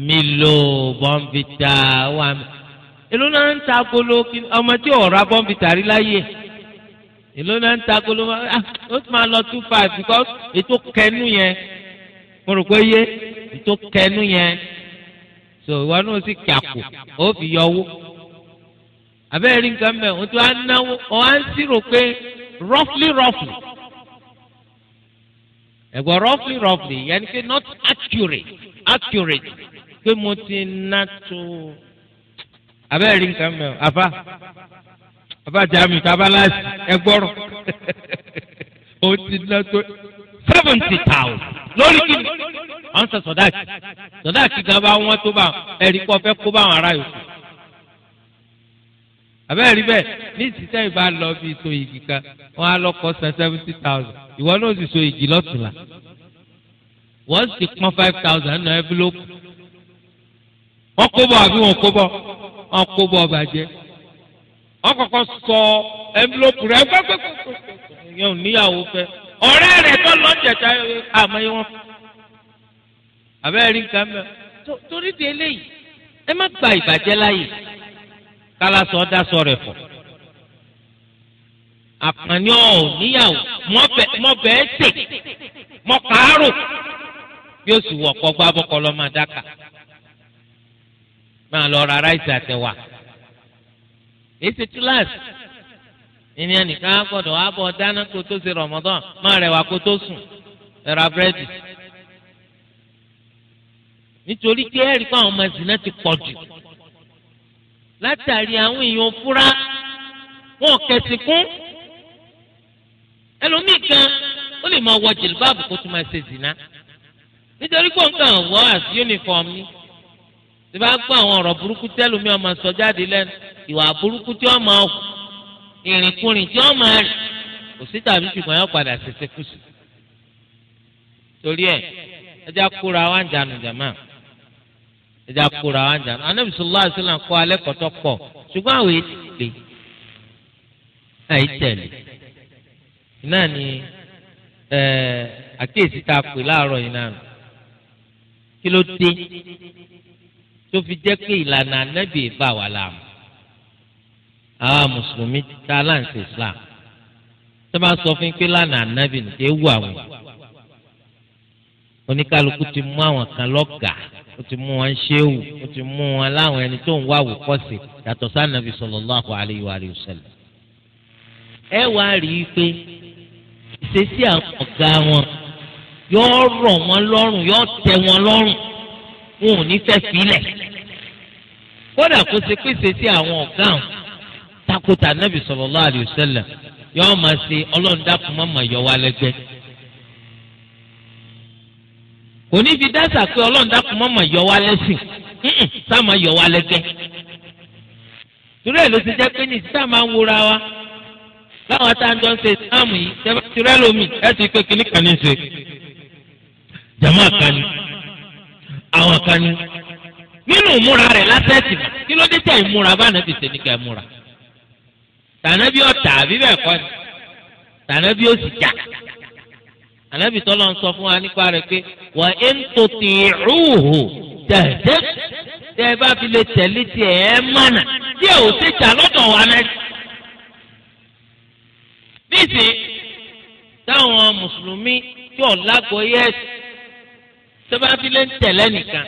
Milo bọ́ǹbìtà wà mí èló náà ń ta agolo ọmọ tí ò ra bọ́ǹbìtà rí láyé èló náà ń ta agolo ah ó ti máa lọ two five because ètò kẹnu yẹn mo rò pé yé ètò kẹnu yẹn so ìwọ náà sì kíákò ó fi yọ owó abẹ́rẹ́ rí nǹkan mẹ́ o tún á náwó o á ń sírò pé roughly roughly ẹ̀gbọ́n roughly roughly yẹn ni pé not accurate accurate pé mo ti ná tó abẹ́rẹ́ rí nǹkan mẹ́ o àfa bàbá jami kabalasi ẹgbọrọ o ti ná tó seventy thousand lórí kìnnì wọn sọ sọdáàkì sọdáàkì gan bá wọn tó bá ẹrí kọ fẹ kó bá wọn ará yòókù àbẹ rí bẹ́ẹ̀ ní ìsìtẹ́ ìbá lọ bí so igi kan wọn á lọkọ san seventy thousand ìwọ náà sì so igi lọ́tùnla wọ́n sì pọ́n five thousand náà ẹ́ bílókù wọ́n kó bọ̀ àbí wọ́n kó bọ̀ wọ́n kó bọ̀ bàjẹ́ ọkọ̀ọ̀kọ̀ sọ ẹnvilópù rẹ̀ pẹ́pẹ́pẹ́ yẹn ò níyàwó fẹ́ ọ̀rẹ́ rẹ̀ tó lọ jẹ̀ta àmọ́ yẹn wọn. àbẹ́rẹ́ rí nǹkan mẹ́ torí di eléyìí ẹ má gba ìbàjẹ́ láyè kálásọ dasọ rẹ̀ fọ̀ àpàní ọ̀ níyàwó mọ̀bẹ́ tè mọ̀kàárò bí ó sì wọ̀ ọ̀pọ̀ gbábọ́kọ lọ́ọ́ máa dáka máa lọ ra ráìsì èsì tíláàsì ìní ẹnìkan gbọ́dọ̀ wá bọ dáná kó tó ṣe rọmọdán má rẹwà kó tó sùn ẹra búrẹ́dì nítorí pé ẹ̀rí pé àwọn ọmọ ìsìnà ti pọ̀ jù látàrí àwọn èèyàn fúra wọn kẹsì kún ẹlòmíì kan ó lè máa wọ jìlbáàbù kó tó máa ṣe zìnà nítorí pé òun kàn wọ àti uniform ni tí bá gbọ́ àwọn ọ̀rọ̀ burúkú tẹ́lùmí ọmọ sọ jáde lẹ́nu ìwà burúkú tí ọmọ ọkù ìrìnkúrìn tí ọmọ rìn kò sí tàbí ṣùgbọ́n yóò padà ṣẹṣẹ kùsù. torí ẹ ẹja kóra wa ń jànú jàmá ẹja kóra wa ń jànú Ànábì sallallahu alaihi wasallam kọ́ alẹ́ kọ́tọ́ pọ̀ ṣùgbọ́n àwọn ètè àyè tẹ̀lé náà ni àkíyèsí tá a pè láàárọ̀ yìí náà kí ló dé tó fi jẹ́ pé ìlànà ànábì bá wà láàmú àwa mùsùlùmí tá a láǹsì islam tó bá sọ fún pé lánàá ànábì nìkan ewu àwọn oníkálukú ti mú àwọn kan lọ́gàá ó ti mú wọn ṣéwù ó ti mú wọn láwọn ẹni tó ń wá àwòkọ́sì yàtọ̀ sànàbì sallallahu alayhi wa sallam ẹ wá rí i pé ìṣesí àwọn ọ̀gá wọn yóò rọ̀ wọ́n lọ́rùn yóò tẹ́ wọn lọ́rùn wọn ò ní fẹ́ filẹ̀ kódà kó ṣe pèsè sí àwọn ọ̀gá àwọn takota anabi sallallahu alayhi wa sallam yọọ máa ṣe ọlọ́run dákun má máa yọ wá lẹ́gbẹ́ kò ní fi dáṣà pé ọlọ́run dákun má máa yọ wá lẹ́sìn sá máa yọ wá lẹ́gbẹ́ turẹ̀ ló ti jẹ́ pé ní ìsítá máa ń wúra wa láwọn atájọ́ ń ṣe ìsìláàmù yìí turẹ̀ lómi ẹ̀ ti pé kìnnìkan ní ṣe jàmáà kan ní àwọn kan ní nínú ìmúra rẹ̀ lásẹ̀tì kí ló dé tẹ̀ ìmúra bá ànábì ṣe ní ká ìmúra tànábì ọ̀tà àbí bẹ́ẹ̀ kọ́ ni tànábì ó sì jà ànábì tọ́lọ́ ń sọ fún wa nípa rẹ̀ pé wà á ń tó ti rúhù tẹ̀sẹ̀ tẹ́ ẹ bá fi lè tẹ̀lé tiẹ̀ ẹ́ mọ̀nà tí ẹ ò ṣe jà lọ́dọ̀ wa náà. níṣẹ́ táwọn mùsùlùmí tí lágbóyè ẹ̀sìn tó bá fi lé ń tẹ̀lé nìkan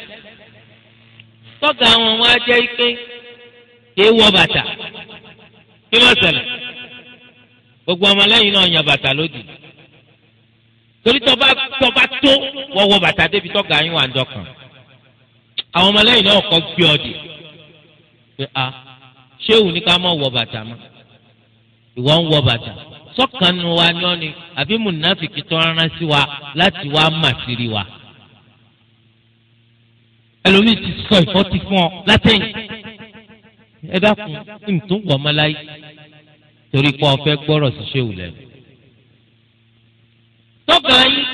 tọ́gà wọn wọn á jẹ́ ike kìí wọ bàtà kí ló ṣẹlẹ̀ gbogbo ọmọlẹ́yìn náà yan bàtà lódì torí tọ́ba tọ́ba tó wọ́wọ́ bàtà débi tọ́gà yín wà ń dọ̀kan àwọn ọmọlẹ́yìn náà kọ́ gbé ọdì pé a ṣéwù ní ká mọ̀ wọ bàtà mọ́ ìwọ ń wọ bàtà sọ́kànnù wa ni ọ́ ni àbí mùnàfìkì tó rán sí wa láti wá màsírí wa ẹlòmíì ti sọ ìfọ́ ti fún ọ látẹ̀yìn ẹ dákun ní tó ń wọ ọmọ láyé torí pé ọ fẹ́ gbọ́rọ̀ sí ṣéwù lẹ́nu. tọ́ka yín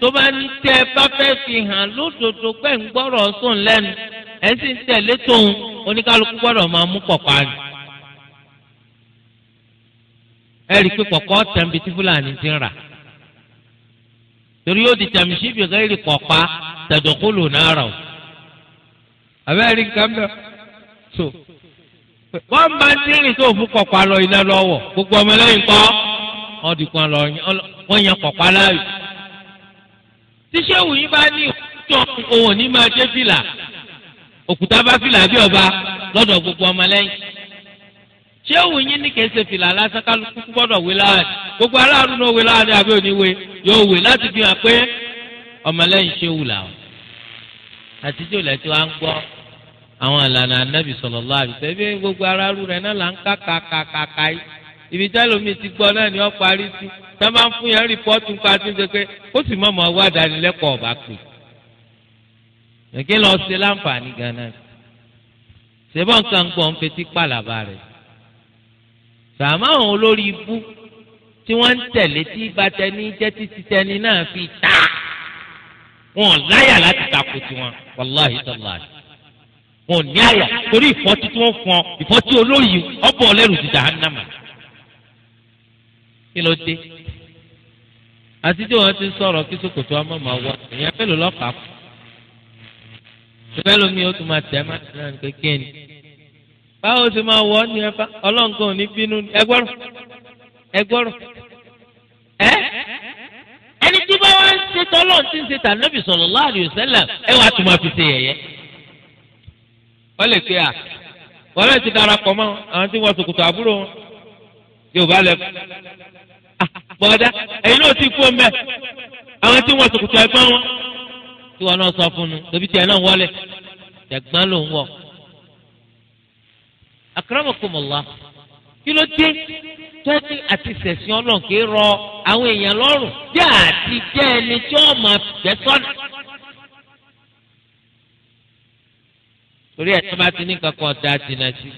tó bá ní tẹ́ ẹ bá fẹ́ fi hàn lódodo pé ń gbọ́rọ̀ sùn lẹ́nu ẹ̀ sì ń tẹ̀lé tóun oníkálukú gbọ́dọ̀ máa mú pọ̀pá ni. ẹ rí i pé pọ̀pọ̀ tẹ̀m̀bì tí fúlàní ti ń rà torí yóò di tẹ̀m̀bì síbi rẹ̀ rí pọ̀pá tẹ̀dọ̀kúlù náírà o abẹ́rẹ́ nǹkan bẹ́ẹ̀ so wọ́n máa ń dínrín tó fún kọ̀pá lọ iná lọ́wọ́ gbogbo ọmọ lẹ́yìn kọ́ wọ́n di kan lọ wọ́n yan kọ̀pá láàyò tí sẹ́wù yín bá ní ìjọ òun ní máa dé fìlà òkúta bá fìlà bí ọba lọ́dọ̀ gbogbo ọmọ lẹ́yìn sẹ́wù yín ní kìí ṣe fìlà lásán kálukú gbọ́dọ̀ wé láàdì gbogbo aráàlú náà wé láàdì àbí òníwé yóò wé láti fi hàn pé ọmọ sẹ́wù làwọn àtijọ́ ilẹ̀ tí wọ́n á ń gbọ́ àwọn àlànà anábì sallallahu alaihi wasallam ebi gbogbo aráàlú rẹ̀ náà là ń ká kàkàkàkà yìí ibi tẹ́lómi ti gbọ́ náà ni ó parí sí tá a máa ń fún yẹn rìpọ́ọ̀tù nípa tó ń ṣe pé ó sì mọ̀ mọ́ wá dánilẹ́kọ̀ọ́ ọ̀bà pè èké lọ ṣe láǹfààní ganan ṣèbọ̀ nǹkan gbọ́ ń fetí pàlàbà rẹ̀ sàmà olórí ibú tí wọ́n ń tẹ̀lé tí ìbátẹni jẹ́ títí tẹni náà fi ta wọn láyà láti takò tiwọn wàláhìí tàláhìí wọn ò ní àyà torí ìfọ́tí tí wọ́n fún ọ ìfọ́tí olóyìí ọ̀bọ̀ ọlẹ́rù ti jahannama kí ló dé àti tí wọ́n ti sọ̀rọ̀ kí sòkòtò ọmọ màá wọ ìyẹn fẹlẹ lọkàá kù ìfẹ́ lomi ó tún máa tẹ̀ máa tẹ̀ náà kékeré ni báwo ṣe máa wọ ọ́ ní ẹ bá ọlọ́nkọ́ ò ní bínú ẹgbọ́rọ̀ ẹgbọ́rọ̀ ẹ ẹni tí bá wá ń ṣe tọ́lọ́ ti ń ṣe tànàbì sallallahu alaihi wasallam ẹ wàá tún máa fi ṣe yẹ̀yẹ́ wọ́n lè pe à wọ́n náà ti darapọ̀ mọ́ àwọn tí wọ́n sòkòtò àbúrò wọn yóò bá lẹ bọ́dá ẹ̀yin náà ti kú ọmọ ẹ̀ àwọn tí wọ́n sòkòtò ẹ̀gbọ́n wọn tí wọ́n náà sọ fún un tóbi tiẹ̀ náà wọlé ẹ̀gbọ́n ló ń wọ̀. akramakumullah kí ló dé tọ́jú àti sẹ̀sìn ọlọ́ọ̀kẹ́ rọ àwọn èèyàn lọ́rùn bí àti jẹ́ ẹni tí wọ́n máa torí ẹ̀ tó bá ti ní kankan ọ̀dà àtìnà sí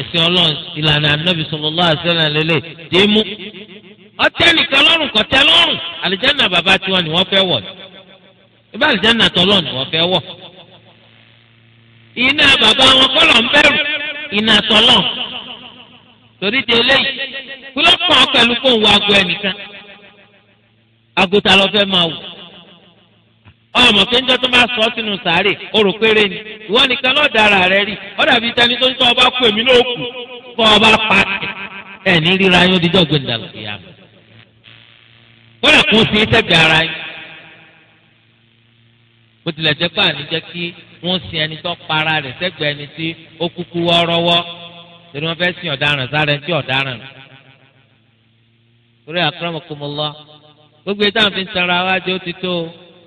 ẹ̀sìn ọlọ́run ìlànà ànábì sallallahu alaihi wasallam lélẹ̀ dé mú ọtẹ nìkan lọ́rùn kọtẹ lọ́rùn àlìjáná bàbá tiwọn ni wọ́n fẹ́ wọ̀ ibà àlìjáná tọlọ ni wọ́n fẹ́ wọ̀ iná bàbá wọn kọlọ ń bẹ̀rù iná tọlọ torí de eléyìí kúlọpọ pẹ̀lú kó ń wo aago ẹnìkan lọ fẹ́ máa wò ọmọ pé njọ́ tó bá sọ ọ́ sínú sàárè ó rò ni ìwọ nìkan náà dára rẹ rí ó dàbí tani tó ń tọ́ ọba kú èmi náà kù kọ́ ọba pa ẹ̀ ní ríra yín odijọ́ gbẹ̀ndà lùkìyà kọ́lá kún sí ara yín bó tilẹ̀ jẹ́ pé àní jẹ́ kí wọ́n sin ẹni tó para rẹ̀ sẹ́gbẹ̀ẹ́ ẹni tí ó kúkú wọ́ọ́rọ́wọ́ torí wọ́n fẹ́ sin ọ̀daràn sáré fi ń sanra wájú o.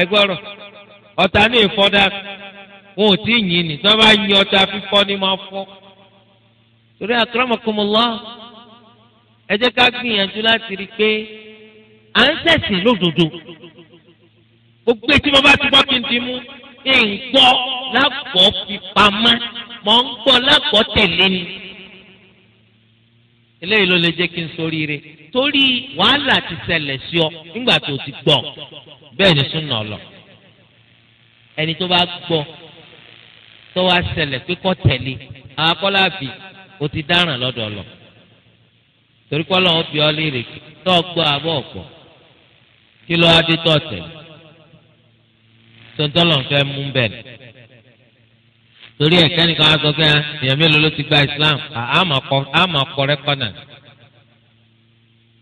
ẹgbọ́rọ̀ ọ̀tá ní ìfọ́dà wọn ò tí ì yìn ní tí wọ́n bá yin ọ̀tá fífọ́ ní máa fọ́ torí akramakumullah ẹ jẹ́ ká gbìyànjú láti rí i pé à ń ṣẹ̀sìn lódodo gbogbo etí mo bá ti gbọ́ kí n ti mú ń gbọ́ lápò fipamọ́ mọ̀ ń gbọ́ lápò tẹ̀lé ni eléyìí ló lè jẹ́ kí n soríire torí wàhálà ti ṣẹlẹ̀ sí ọ nígbà tó ti gbọ́ bẹ́ẹ̀ ni súnà ọ̀lọ́ ẹni tó bá gbọ́ tó wá ṣẹlẹ̀ pé kọ́ tẹ̀lé akọ́láàbì ó ti dáràn lọ́dọ̀ ọ̀lọ́ torí kọ́ lọ́wọ́ bí ọ léèrè tó gbọ́ abọ́ ọ̀pọ̀ kí ló wá dé tọ̀ tẹ̀lé tó ń fẹ́ mú bẹ́ẹ̀ torí ẹ̀ kẹ́nìkan á sọ pé èèyàn mélòó ló ti gba islam àmọ́ kọ rẹ́kọ̀nà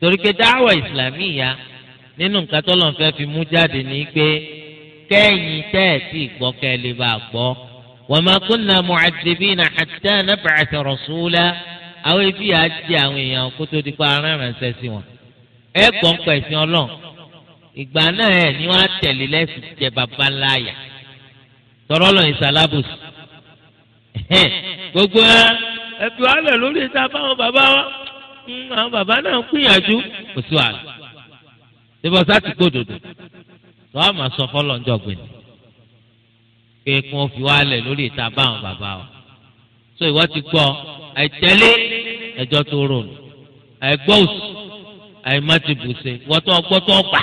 torí pé dáwọ̀ ìsìlámíyà nínú nǹkan tó lọ́n fẹ́ fi mú jáde ní pé kẹ́yìn tẹ́ ẹ̀ tí gbọ́ kẹ́ ẹ lè bá a gbọ́ wa ma kunna mu'azzibina hatta nab'atha rasula àwọn ibi yà á jẹ àwọn èèyàn kó tó di pa aránránṣẹ́ sí wọn ẹ gbọ́n pẹ̀sìn ọlọ́run ìgbà náà gbogbo ẹ ẹbí wa lẹ lórí ìta fáwọn bàbá wa hmm, àwọn bàbá náà ń gbìyànjú kò sí wàhálà síbọ̀ sá ti gbódòdò tó a máa sọ fọlọ́njọ́ gbẹ̀lẹ̀ pé kí wọ́n fi wa lẹ lórí ìta fáwọn bàbá wa so ìwọ ti gbọ́ àìtẹ́lé ẹjọ́ tó rò nù àìgbọ́ òsì àìmọ́ ti bùsẹ̀ wọ́n tó ọgbọ́ tó ọgbà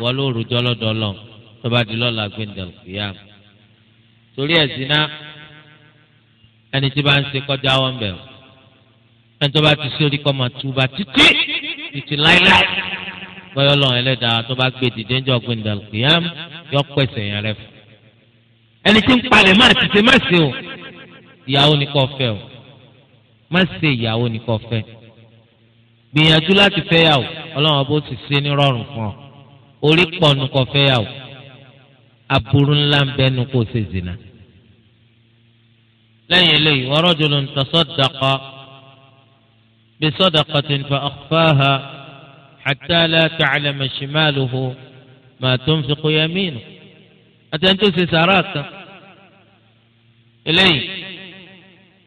wọ́n ló rojọ́ lọ́dọ̀ ọlọ́run tó bá di lọ́la torí ẹ̀ sí náà ẹni tí bá ń ṣe kọjá wọn bẹ̀ ọ́ ẹni tó bá ti sórí kọ́ máa tú bá títí títí láíláí bọ́yọ̀ lọ́rùn ẹlẹ́dàá tó bá gbé dìde ńjọ́ gbẹ̀ndà kìyàm yọ pẹ̀sẹ̀ yẹn rẹ fún ẹni tí ń palẹ̀ máa se má ṣe o ìyàwó ni kò fẹ́ o má ṣe ìyàwó ni kò fẹ́ gbìyànjú láti fẹ́ yà o ọlọ́run ọba ó sì ṣe ní rọrùn fún ọ orí pọ̀ nu kò fẹ́ yà o aburú ńlá ń bẹ́nu kò ṣe zina لن يلي ورجل تصدق بصدقة فأخفاها حتى لا تعلم شماله ما تنفق يمينه أنت سارات إلي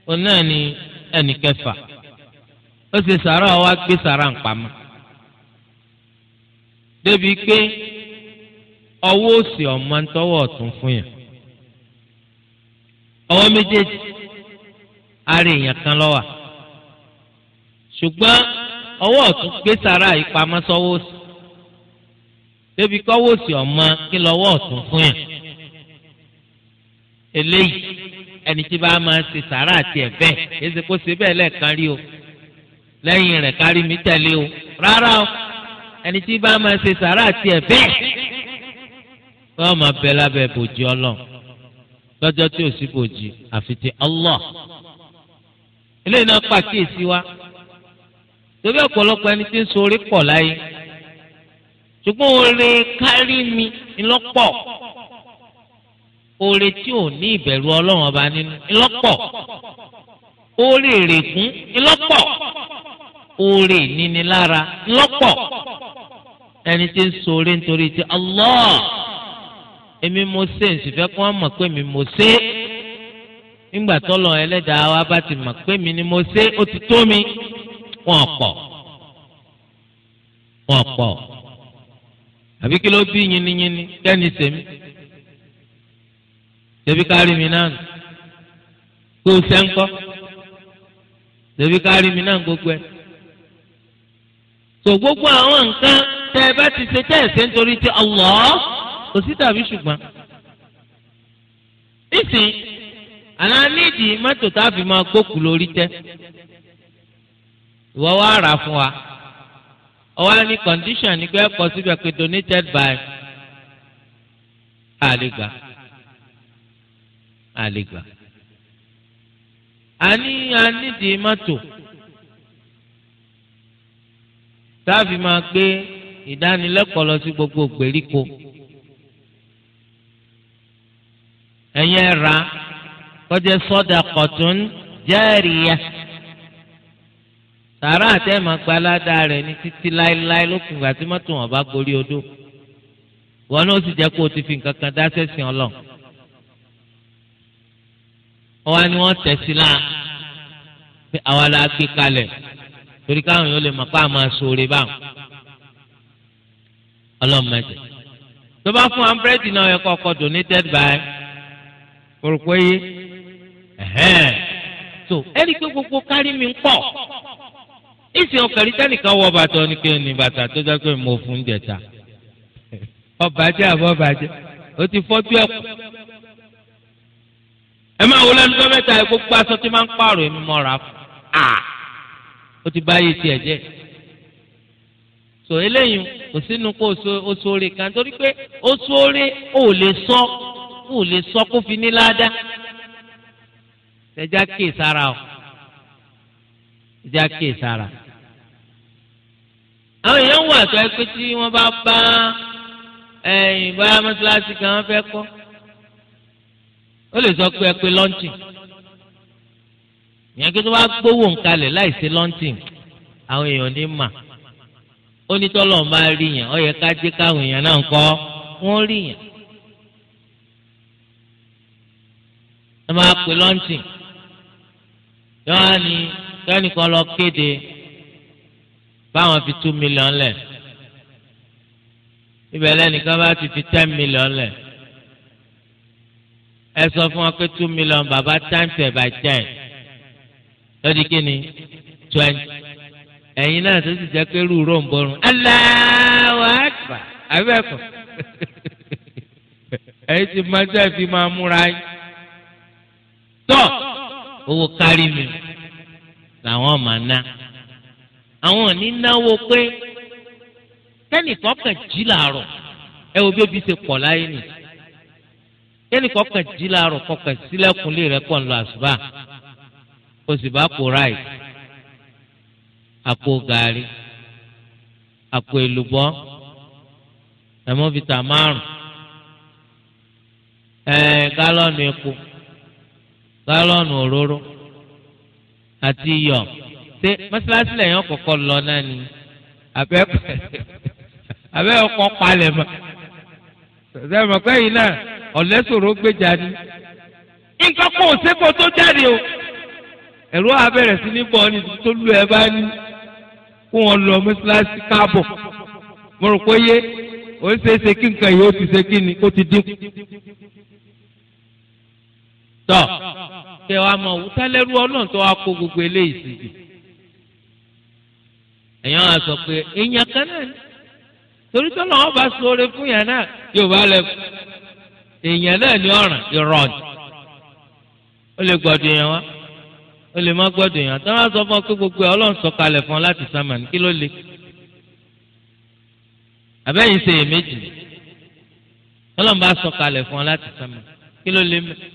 قلناني أني كفى أسي سارا واكي ساران قام دبيكي أوسي أمان تواتن فيه ọwọ́ méjèèjì ara èèyàn kan lọ́wà ṣùgbọ́n ọwọ́ ọ̀tún gbé sàrà ìpamọ́ sọ́wọ́ sí débi kọ́wọ́ sí ọmọ kí lọ́wọ́ ọ̀tún fún yàn eléyìí ẹni tí bá máa ṣe sàrà àti ẹ̀bẹ̀ èsì kó ṣe bẹ́ẹ̀ lẹ́ẹ̀kan rí o lẹ́yìn rẹ̀ kárí mi tẹ̀lé o rárá o ẹni tí bá máa ṣe sàrà àti ẹ̀bẹ̀ wọ́n máa bẹ lábẹ́ bòjì ọlọ́run lọ́jọ́ tí ò sí bòjì àfi ti Allah eléyìí náà pàkíyèsí wa torí ọ̀pọ̀lọpọ̀ ẹni tí ń sori pọ̀ láyé ṣùgbọ́n oore kárí mi ńlọ́pọ̀ oore tí ò ní ìbẹ̀rù ọlọ́run ọba nínú ńlọ́pọ̀ oore ìrègùn ńlọ́pọ̀ oore ìnínilára ńlọ́pọ̀ ẹni tí ń sori nítorí ti Allah èmi mo ṣe ǹsì fẹ́ kí wọ́n mọ̀ pé mi mo ṣe nígbà tọ́lọ̀ ẹlẹ́dàá wa bá ti mọ̀ pé mi ni mo ṣe ó ti tó mi wọn pọ̀ wọn pọ̀ àbí kí ló bí yiniyini kẹ́ni sèmi tẹ̀bí kárí mi náà kó o ṣe ń kọ́ tẹ̀bí kárí mi náà gbogbo ẹ̀ tó gbogbo àwọn nǹkan tẹ́ ẹ bá ti ṣe tẹ́ ẹ̀ ṣe nítorí ti Allah kò sí tàbí ṣùgbọ́n nísìnyí àná nídìí mọ́tò táàbì máa gbókù lórí tẹ́ ìwọ wá rà fún wa ọwọ́ ní condition ní pé ẹ̀kọ́ síbẹ̀ pé donated by àlegbà àlegbà àní ànídìí mọ́tò táàbì máa gbé ìdánilẹ́kọ̀ọ́ lọ sí gbogbo ìgbèríko. ẹ̀yẹ ra kọjá sọ́dà kọ̀tún jẹ́rìíyà sàrà àtẹ̀mọ̀ gbalada rẹ̀ ní títí láéláé lókun ìgbà tí mọ́tò wọn bá gorí odò wọn náà sì jẹ́ kó o ti fi nǹkan kan dá sẹ́sìn ọlọ́ wọn ni wọ́n tẹ̀sí la pé àwa la gbé kalẹ̀ torí káwọn yóò lè mọ̀ pé a máa ṣoore báwọn ọlọ́mọdé tó bá fún wa búrẹ́dì náà yẹ kó ọkọ̀ dùn ní báyìí orúkọ yìí ẹ̀hẹ́n so ẹni pé gbogbo kárí mi ń pọ̀ ìsìn ọkàrí sẹ́nìkan wọ bàtà oníkẹ́ ní bàtà tó jẹ́ pé mo fún jẹ̀ta ọbàjẹ́ àbọ̀bàjẹ́ ó ti fọ́jú ẹ̀kú ẹ máa wọlé ẹnu gọ́mẹ̀ntà ẹ̀ gbogbo aṣọ tí máa ń pààrọ̀ èmi mọ́ra à ó ti báyé tiẹ̀ jẹ́ so eléyìí kò sínú kó o sóore kan torí pé o sóore o ò lè sọ ò lè sọ kó fi ní ládàá ẹja kè sára o ẹja kè sára àwọn èèyàn wà tó ẹ pé tí wọ́n bá bá ẹ̀yìn bá mọ́ṣáláṣí kan wọ́n fẹ́ kọ́ ó lè sọ pé ẹ pé lọ́ńtì ìyẹn kí tó bá gbówó nkalẹ̀ láì ṣe lọ́ńtì àwọn èèyàn ní mà ó ní tọ́lọ̀ ń rí yẹn ó yẹ ká jẹ́ káwọn èèyàn náà ń kọ́ wọ́n rí yẹn ẹ máa pè lọ́ǹtì yọ́nì kẹ́nìkan lọ kéde báwọn fi two million lẹ̀ ibẹ̀ lẹ́nìkan bá ti fi ten million lẹ̀ ẹ sọ fún wọn pé two million bàbá times ẹ̀ by ten lọ́dí kí ni twenty ẹ̀yin náà tó ti jẹ́ pé rú rò ń bọ̀rùn Allahu Akbar abẹ́ẹ̀kọ́ ẹ̀yin ti máa jẹ́ fi máa múra yín tọ́ owó kárí mi làwọn máa ná àwọn ò ní náwó pé kẹ́nìkan kàn jí làárọ̀ ẹ wo bí ebi ṣe pọ̀ láyé nì kẹ́nìkan kàn jí làárọ̀ kọkàn sílẹ̀kùnlé rẹ̀ kàn lọ àṣùbà o sì bá kó ráì àpò gàrí àpò èlùbọ́ ẹ̀mọ́fìtà márùn-ún ẹ̀ gálọ́ọ̀nù epo gálọ́ọ̀nù òróró àti iyọ̀ ṣé mọ́ṣáláṣí lẹ́yìn ọ̀kọ̀ọ̀kọ̀ lọ náà ni àbẹ́ ọkọ̀ palẹ̀ mọ́ ṣe mọ̀ pé yìí náà ọ̀lẹ́sọ̀rọ̀ gbéjà ni nǹkan kò sépò tó jáde o ẹ̀rọ abẹ́rẹ́ sí ní bọ́ọ̀lì tó lù ẹ bá ní kó wọn lọ mọ́ṣáláṣí káàbọ̀ mo rò pé yé ó ṣeé ṣe kí nǹkan yìí ó ti ṣe kí ni kó ti dínkù tọ́ kẹ wa mọ̀ wútálẹ́rú ọlọ́run tó wa kó gbogbo eléyìí sí jù èèyàn á sọ pé èèyàn kan náà ni torí tó lọ́wọ́ bá sóore fún yàn náà yóò bá lẹ èèyàn náà ni ọ̀ràn ìrọ̀n ó lè gbọ́dọ̀ yẹn wá ó lè má gbọ́dọ̀ yẹn tó wá sọ fún ọ pé gbogbo ẹ ọlọ́run sọ kalẹ̀ fún ọ láti sàmàn kí ló le àbẹ́yìn ṣe èméjì ọlọ́run bá sọ kalẹ̀ fún ọ láti sàmàn kí ló le mẹ́ta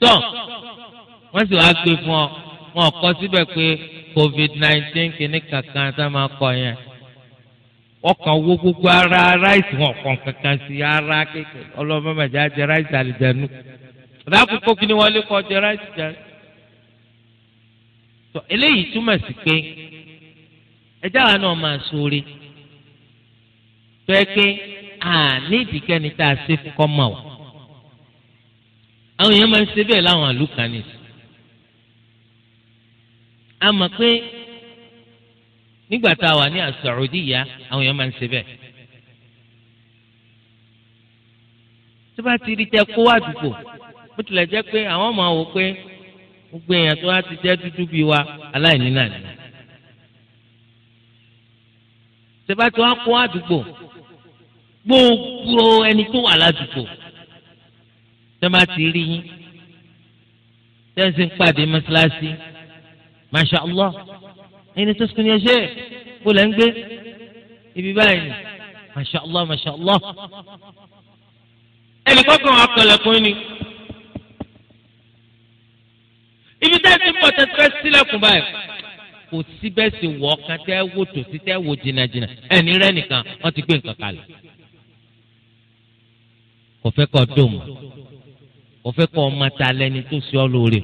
tọ́ wọ́n sì wáá gbé fún ọ wọn kọ síbẹ̀ pé covid nineteen kìíní kankan tá a máa kọ yẹn wọ́n kàn wó gbogbo ara ráìsì wọn kàn kankan sí ara kékeré ọlọ́mọ mẹ́jọ jẹ ráìsì àlìjẹnu lákòókò kí ni wọ́n lè kọ jẹ ráìsì jẹ. tọ́ eléyìí túmọ̀ sí pé ẹjẹ́ àwọn náà máa sóore tó ẹ pé àní ìdíkẹ́ni tá a ṣe fún kọ́ mọ̀ wá àwọn èèyàn máa ń ṣe bẹ́ẹ̀ láwọn àlùkànnì a mọ̀ pé nígbà tá a wà ní Saudiya àwọn èèyàn máa ń ṣe bẹ́ẹ̀ tó bá ti rí tẹ kó àdúgbò bó tilẹ̀ jẹ́ pé àwọn máa wò pé gbogbo èèyàn tó wá ti jẹ́ dúdú bíi wa aláìní náà ni tẹ bá ti wá kó àdúgbò gbogbo ẹni tó wà ládùúgbò tẹ́lẹ̀ ti rí yín tẹ́lẹ̀ sì ń pàdé mọ́ṣáláṣí masha allah ẹni tó sùn ní ẹṣẹ́ kó lẹ́ ń gbé ibi báyìí ni masha allah masha allah ẹnì kọ́kàn wà kọlẹ̀kùn ni ibi tẹ́ ti pọ̀ tẹ́ fẹ́ sílẹ̀kùn báyìí kò síbẹ̀ sí wọ́ kan tẹ́ wò tòsí tẹ́ wò jìnnàjìnnà ẹni rẹ́ nìkan wọ́n ti gbé nǹkan kalẹ̀ kò fẹ́ kọ́ dùn kò fẹ́ kọ́ ọmọ ta lẹ́ni tó sọ lóore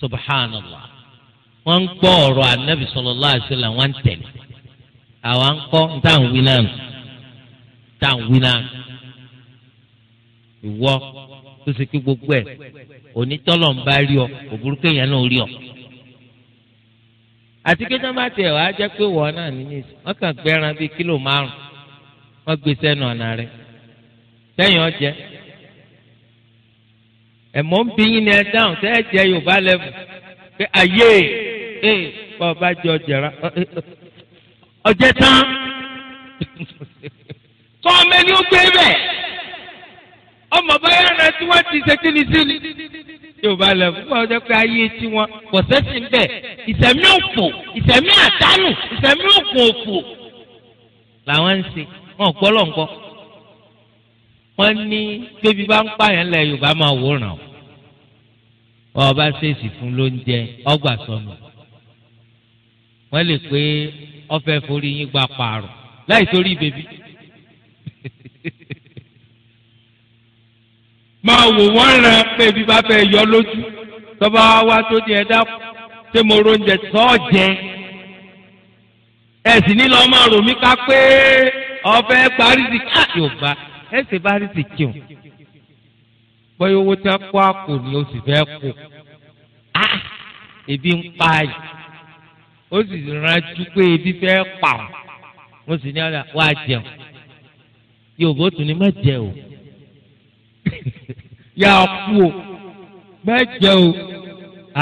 subhanallah wọ́n ń gbọ́ ọ̀rọ̀ anabi sallallahu alaihi wasallam wọ́n ń tẹ̀lé àwa ń kọ́ ń tàn wí náà tàn wí náà ìwọ tó ṣe pé gbogbo ẹ̀ onítọ́lọ̀ ń bá rí ọ òbúrúkẹ́ yẹn náà rí ọ àti kí sábà tiẹ̀ wá jẹ́ pé wọ́n náà nínú ìsìn wọ́n kàn gbẹ́ran bíi kílò márùn-ún wọ́n gbé sẹ́nu ọ̀nà rẹ̀ sẹ́yìn ọ̀jẹ́ ẹ̀mọ́ ń bí yín ni ẹ dáhùn sẹ́yìn ẹ̀jẹ̀ yorùbá lẹ́bù pé ayé ẹ̀ bá ọba jẹ ọjẹ́ rà ọjẹ́ tán kọ́ ọmọ ẹni ó gbé bẹ́ẹ̀ ọmọ báyà náà tí wọ́n ti ṣe kíni sí ni yorùbá lẹ́bù fún ọjọ́ pé ayé tí wọ́n kò sẹ́sì ń bẹ̀ ìsẹ̀mí òfò ìsẹ̀mí àdánù ìsẹ̀mí òkun òfò làwọn ń ṣe wọn gbọ́ lọ́n gbọ́ wọ́n ní bébí bá ń pààyàn lẹ̀ yorùbá máa wòran o ọba ṣèṣì fún lóúnjẹ ọgbà sọnù wọ́n lè pé ọfẹ́ forí yín gba pààrọ̀ láì torí bèbí. máa wò wọ́n ràn bèbí bá fẹ́ yọ lójú tọ́ba wa tó di ẹ̀dá ṣé mo ro oúnjẹ sọ́ọ̀jẹ́ ẹ̀ sì ní lọ́ọ́ máa rò mí ká pé ọ̀fẹ́ parísì ká yorùbá ẹ̀sìn parísì kí o bọ́yọ̀ owó tẹ́ kó àpò ni o sì fẹ́ kó a ah, ebi ń pa yìí ó sì rántí pé ebi fẹ́ pa o mo sì ní ọ̀dà wá jẹun yorùbá tún ní má jẹ o yà á kú o má jẹ o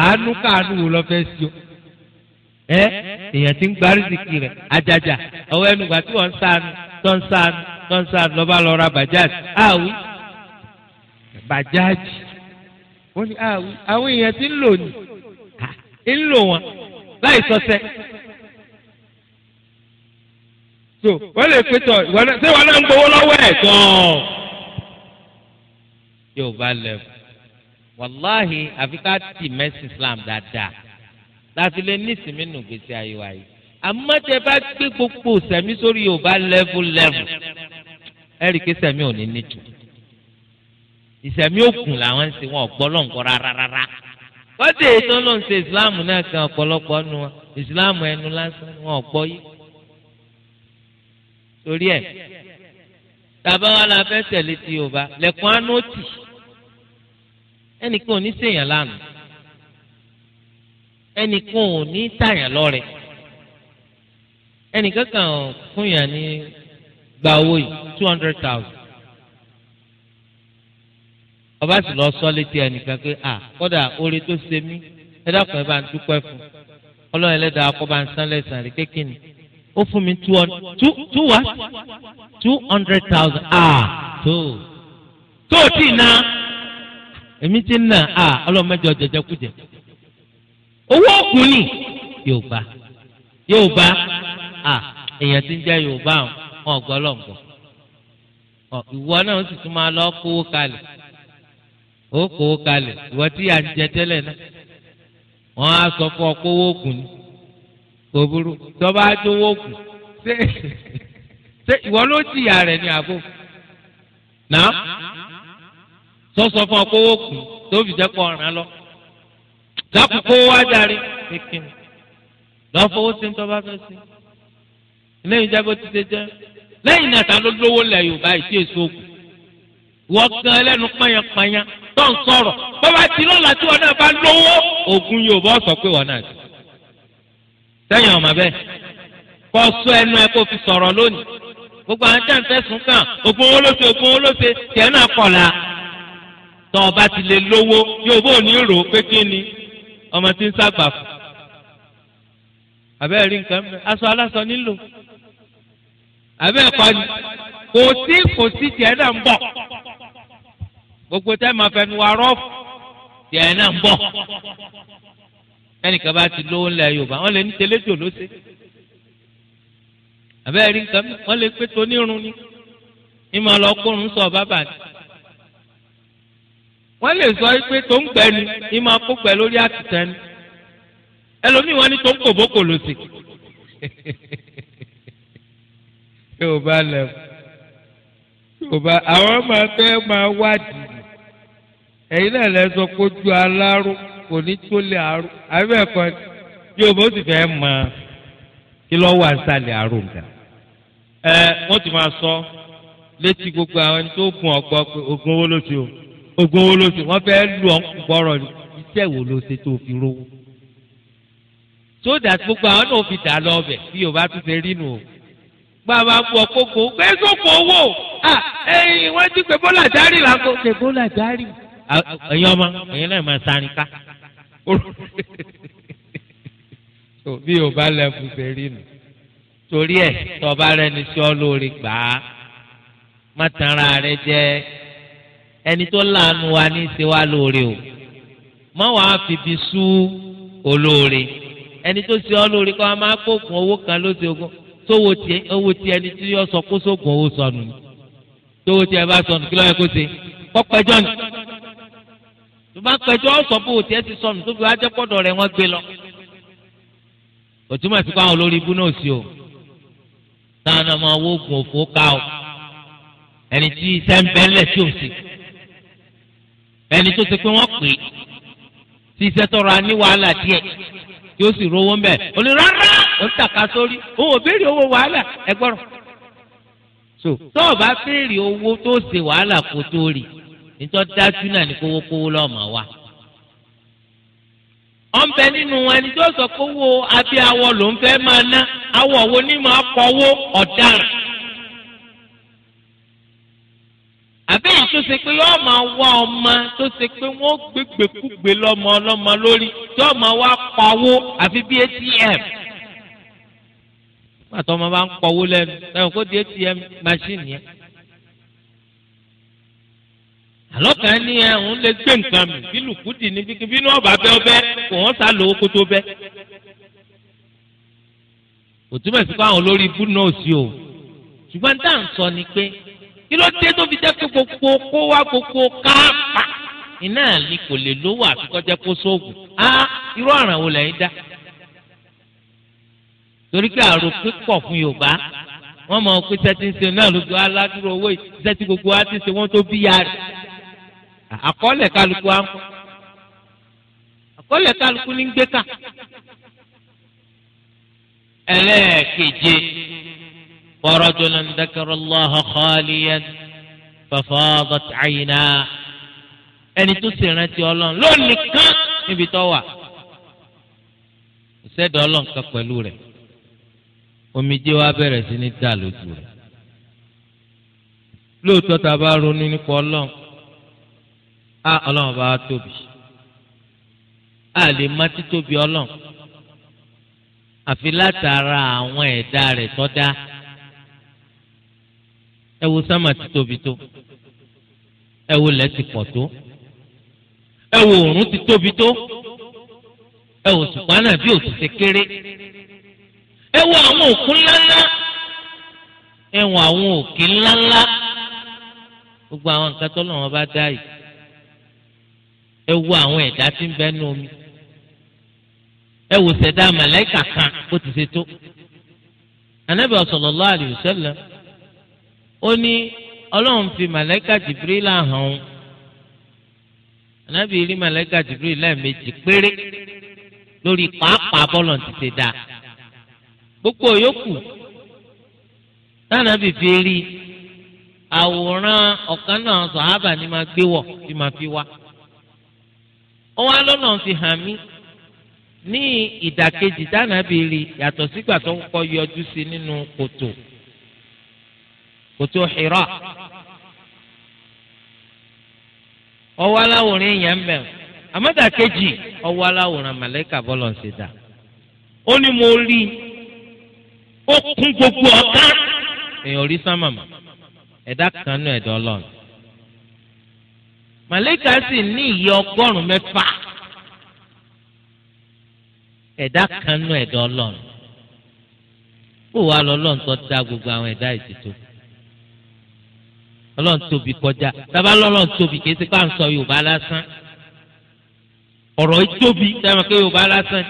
àánú káàánú wò lọ sí o ẹ èèyàn ti ń gba rìsìkì rẹ̀ ajaja ọwọ́ ẹnu gbà tí wọ́n ń sànù tó ń sàánú tó bajaj, awi, bajaj, lọ awi, awi àwí bàjáàjì wọ́n ní àwí ti ń lò ní ń lò wọ́n láì sọ́sẹ́. so wọ́n lè pé tọ̀ ṣé wọn náà ń gbowó lọ́wọ́ ẹ̀ gan-an. yóò bá lẹ̀ wàláhì àfi tì mẹ́sì Islam dáadáa láti lè ní ìsinmi nù gbèsè ayé wa àmọ́ tẹ bá gbé gbogbo sẹ̀mí sórí yorùbá lẹ́vù lẹ́vù ẹ̀rí pé sẹ̀mí ò ní níjù ìsẹ̀mí òkun làwọn ń ṣe wọn ọ̀gbọ́ lọ́nkọ́ rárára kọ́dé tó ló ń ṣe ìsìláàmù náà kan ọ̀pọ̀lọpọ̀ nu Islam ìsìláàmù ẹnu lásán wọn ọ̀gbọ́ yìí torí ẹ̀ tàbá wa la fẹ́ tẹ̀lé ti yorùbá lẹ́kùn anóòtì ẹnìkan ò ní ṣèyàn lánàá ẹnìkan ò ní tàyàn lọ́rẹ̀ẹ́ ẹnìkan kan fún yàn ní gba owó yìí two hundred thousand ọba sì lọ sọ létí ẹnìkan pé à kódà oore tó ṣe mí ẹ dákun ẹ bá ń dúpẹ́ fún ọlọ́run ẹlẹ́dàá akọ́ bá ń san lẹ́sàn rí kékeré ó fún mi two hundred two two two hundred thousand ah tó tó tí ì na èmi ti ń nà ah ọlọ́run mẹ́jọ jẹjẹ kú jẹ owó òkú ni yóò bá yóò bá à ah, èèyàn ti ń jẹ́ yorùbá wọn ọ̀gọ́lọ̀gbọ̀ ìwọ náà ó sì tún máa lọ kówó kalẹ̀ ó kówó kalẹ̀ ìwọ tí à ń jẹ tẹ́lẹ̀ náà wọ́n á sọ fún ọ kówó ògùn ni kò burú tó bá dówó ògùn ṣé ṣé ìwọ ló jìyà rẹ̀ ní àgbo náà sọsọ fún ọ kówó ògùn tó fi jẹ́ kó lọ dákú kówó wá darí kékeré lọ́fọwọ́sí ń tọ́ bá fẹ́ sí lẹ́yìn jágbó ti ṣe jẹ́ lẹ́yìn náà ta ló lówó lẹ̀ yorùbá ìṣe èso ògùn wọ́n gan ẹlẹ́nu pányápányá tó ń sọ̀rọ̀ bàbá tí lọ́la tí wọn náà bá lówó ògùn yorùbá sọ pé wọn náà ti sẹ́yìn ọ̀mọ̀ bẹ́ẹ̀ kọ́ sọ ẹnu ẹ kó fi sọ̀rọ̀ lónìí gbogbo àwọn tí a ń fẹ̀sùn kàn ògùn owó lóṣè ògùn owó lóṣè tiẹ̀ náà kọ̀la tó o bá ti lè lówó yorùbá ò àbẹ́ ẹ̀kọ́ ni kò sí kò sí tiẹ̀ náà ń bọ̀ gbogbo tẹ́ máa fẹnu wa rọ́ọ̀fù tiẹ̀ náà ń bọ̀ ẹnìkan bá ti lówó ńlẹ̀ Yorùbá wọ́n lè ní tẹlẹ́tò ló ṣe àbẹ́ rí nǹkan mi wọ́n lè pé tonírun ni ìmọ̀ lọ kórun sọ bàbà ni wọ́n lè sọ pé tó ń gbẹ ni ìmọ̀ kó gbẹ lórí àtìtẹ́ ni ẹlòmíì wọ́n ní tó ń kòbókò ló ṣe yorùbá lẹ́wọ̀ yorùbá àwọn máa fẹ́ máa wádìí ẹ̀yin náà lẹ sọ pé ojú aláró kò ní tó lé àárò àbí ẹ̀kọ́ yorùbá ó sì fẹ́ mọ kí lọ́ wà sálẹ̀ àárò nǹkan. ẹ wọ́n ti máa sọ létí gbogbo àwọn ẹni tó gun ọgbọ pé ogun owó ló ṣe o ogun owó ló ṣe wọ́n fẹ́ lu ọ̀nkùn gbọ́rọ̀ ni iṣẹ́ wo ló ṣe tó fi rówó. sódà gbogbo àwọn náà fi dà lọ ọbẹ̀ bí yorùbá tún ṣe rí nù o bàbá bu ọ̀kókó kẹ́sọ̀kọ̀ owó ẹ̀yìn wọ́n ti pè bọ́là dárì làkó. pè bọ́là dárì. ẹ̀yin ọmọ ẹ̀yin náà máa sáré ká. bí o bá lẹ́kùn sẹ́rí nù torí ẹ̀ tọ́ba rẹ ní sọ́ lórí gbà á má tanra rẹ jẹ́ ẹni tó láàánú wa ní í lóore o má wàá fìbí sú olóore ẹni tó ṣe ọ́ kọ́ ọ máa kó oògùn owó kan lóṣooṣù sówó tiẹ owó tiẹ ni tí yọ sọ kó sóògùn owó sọnù ni sówó tiẹ bá sọnù kí ló yẹ kó ṣe kó pẹjọ́ ni tó bá pẹjọ́ sọ pé owó tiẹ ti sọnù tó fi wá jẹ́ pọ́dọ̀ rẹ̀ wọ́n gbé lọ òtúmọ̀ sí pé àwọn olórí ibú náà sí o táwọn náà máa wóògùn òfò ká o ẹni tí iṣẹ́ ń bẹ́lẹ̀ tí ò sí ẹni tó ṣe pé wọ́n pè é tí iṣẹ́ tọrọ wàhálà díẹ̀ tí ó sì rówó ń bẹ̀ onírànrà ó ń tàka sórí òun ò béèrè owó wàhálà ẹ so tó o bá béèrè owó tó ṣe wàhálà kó tó rì nítọ́ dájú náà ní kówókówó lọ́mọ wa. ọ̀nbẹ nínú ẹni tó sọ kówó abẹ́ awọ ló ń fẹ́ máa ná awọ wo ni máa kọ́wó ọ̀daràn. àbẹ́yìn tó ṣe pé yọ́ọ́ máa wá ọmọ tó ṣe pé wọ́n gbégbèkúgbè lọ́mọ ọlọ́mọ lórí yọ́ọ́ máa wá pawó àfi bí atm pàtó ọmọ bá ń pọwó lẹ́nu ẹ̀rọ kó di atm machine yẹn. àlọ́kàn ní ẹ òun lè gbé nǹkan mi bí lùkúdì ní bí bínú ọ̀bà bẹ́ ọbẹ̀ kò wọ́n sá lówó kó tó bẹ́. òtúmọ̀ sí pé àwọn olórí ibú náà sí o ṣùgbọ́n tá à ń sọ ni pé kí ló dé tó fi jẹ́ pé gbogbo kó wá gbogbo káàpà iná ni kò lè lówó àfikọ́jẹ́ kó sóògùn á irú àràn wo lẹ́yìn dá torí pé àròpé pọ̀ fún yorùbá wọ́n mọ̀ pé sẹ́tí ń ṣe náà lójú aládùúrò owó ìsẹ́tí gbogbo wa ti ṣe wọ́n tó bí ya rẹ̀ àkọọ́lẹ̀ kálukú wa àkọọ́lẹ̀ kálukú ní gbé kà ẹlẹ́ẹ̀keje warajulan dhakara Allaha khaliyan fafadat ayna ẹni tó sì rántí ọlọ́run lónìí kan níbi tó wà ìṣẹ́dọ̀ ọlọ́run kan pẹ̀lú rẹ̀ omijé wa bẹ̀rẹ̀ sí ní dà lójú rẹ̀ lóòótọ́ tá a bá ronú nípa ọlọ́run á ọlọ́run bá tóbi á lè má títóbi ọlọ́run àfi látara àwọn ẹ̀dá rẹ̀ tó dá ẹ wo sámà títóbi tó ẹ wo lẹ́ ti pọ̀ tó ẹ wo òòrùn ti tó ẹ wo sùpánà bí òtún kéré ẹ wo àwọn òkun ńláńlá ẹ wo àwọn òkè ńláńlá gbogbo àwọn nǹkan tó lọ́wọ́ bá dá yìí ẹ wo àwọn ẹ̀dá tí ń bẹ nú omi ẹ wo ṣẹ̀dá màláíkà kan bó ti ṣe tó Ànábì sallallahu alayhi wa ó ní ọlọ́run fi màláíkà Jibrila hàn án Ànábì rí màláíkà lẹ́ẹ̀mejì péré lórí pàápàá bọ́lọ̀ ti ṣe dáa. gbogbo yòókù tánàbì fi rí àwòrán ọ̀kan náà sọ̀hábà ni máa gbé wọ̀ bí máa fi wá. fi hàn mí ní ìdàkejì tánàbì rí yàtọ̀ sígbà tó kọ́ yọjú sí nínú kòtò kòtò Hira. ọwọ́ aláwòrán èèyàn mẹ́rin àmọ́dàkejì ọwọ́ aláwòrán màlẹ́kà bọ́lọ̀ ń ṣe dà ó mo rí ó kún gbogbo ọ̀ká. èèyàn orí sánmà mà ẹ̀dá kan nù ẹ̀dọ́ ọlọ́run. màlẹ́kà sì ní ìyẹ́ ọgọ́rùn-ún mẹ́fà ẹ̀dá kan nù ẹ̀dọ́ ọlọ́run. kó wàá lọ ọlọ́run tó dá gbogbo àwọn ẹ̀dá ìtìtò. ọlọ́run tóbi kọjá tábà lọ́lọ́run tóbi kì í pàǹsọ yorùbá lásán. ọ̀rọ̀ ìtóbi táwọn akéwì yorùbá lásán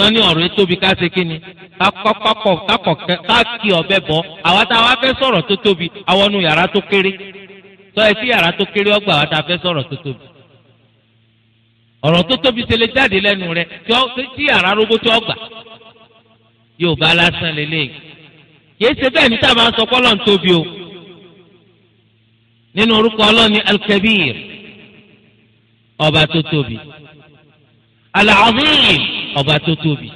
wọ́n ní ọ̀rọ̀ tóbi ká ṣe kí ni ká kí ọ̀bẹ bọ̀ àwa tá a wá fẹ́ sọ̀rọ̀ tó tóbi àwọn nu yàrá tó kéré sọ ẹ sí yàrá tó kéré ọgbà àwa tá a fẹ́ sọ̀rọ̀ tó tóbi ọ̀rọ̀ tó tóbi ṣe lè jáde lẹ́nu rẹ tí yàrá roboto ọgbà yóò bá lásán lélẹ́yìn kìí ṣe bẹ́ẹ̀ ní tá máa sọ kọ́lọ́ tóbi o nínú orúkọ ọlọ́ni alkabir ọba ọba tó tóbi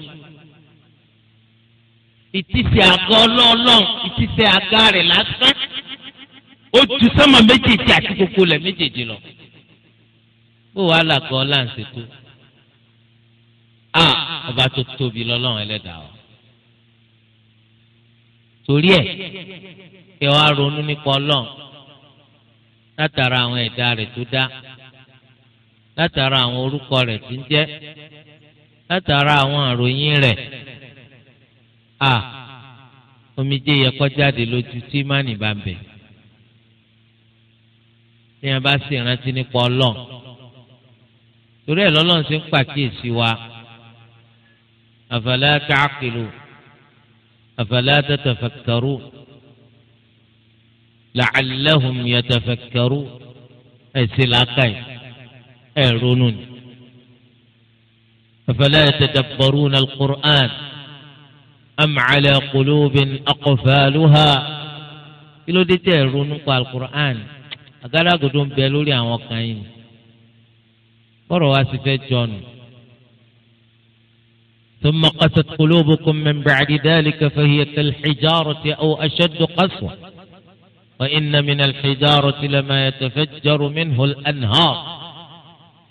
ìtìsí àgọ́ ọlọ́ọ̀lọ́ọ̀ ìtìsí àga rẹ̀ lásán ó ju sánmà méjèèjì àti gbogbo lẹ̀ méjèèjì lọ bó wàá làgọ́ ọlá ń ṣètò a ah, ọba tó tóbi lọ́lọ́run ẹlẹ́dàá wa torí ẹ̀ kí wàá ronú nípa ọlọ́run látara àwọn ẹ̀dá rẹ̀ tó dá látara àwọn orúkọ rẹ̀ tí ń jẹ́ látara àwọn àròyìn rẹ̀ a omijé yẹ kọjáde lójú tí mánì bá ń bẹ tí wọn bá sì rántí nípa Ọlọ́run torí ẹ̀ lọ́lọ́run ti ń pàkíyèsí wa àfàlà tààkìlù àfàlà tàtàfàkàrù làálẹ́hùn yàtàfàkàrù ẹ̀ làákàyè ẹ̀ ronú ni. أفلا يتدبرون القرآن أم على قلوب أقفالها إلو دي dé القرآن ronú pa alukur'an agadagodo ń bẹ lórí àwọn جون ثم قست قلوبكم من بعد ذلك فهي كالحجارة أو أشد قسوة وإن من الحجارة لما يتفجر منه الأنهار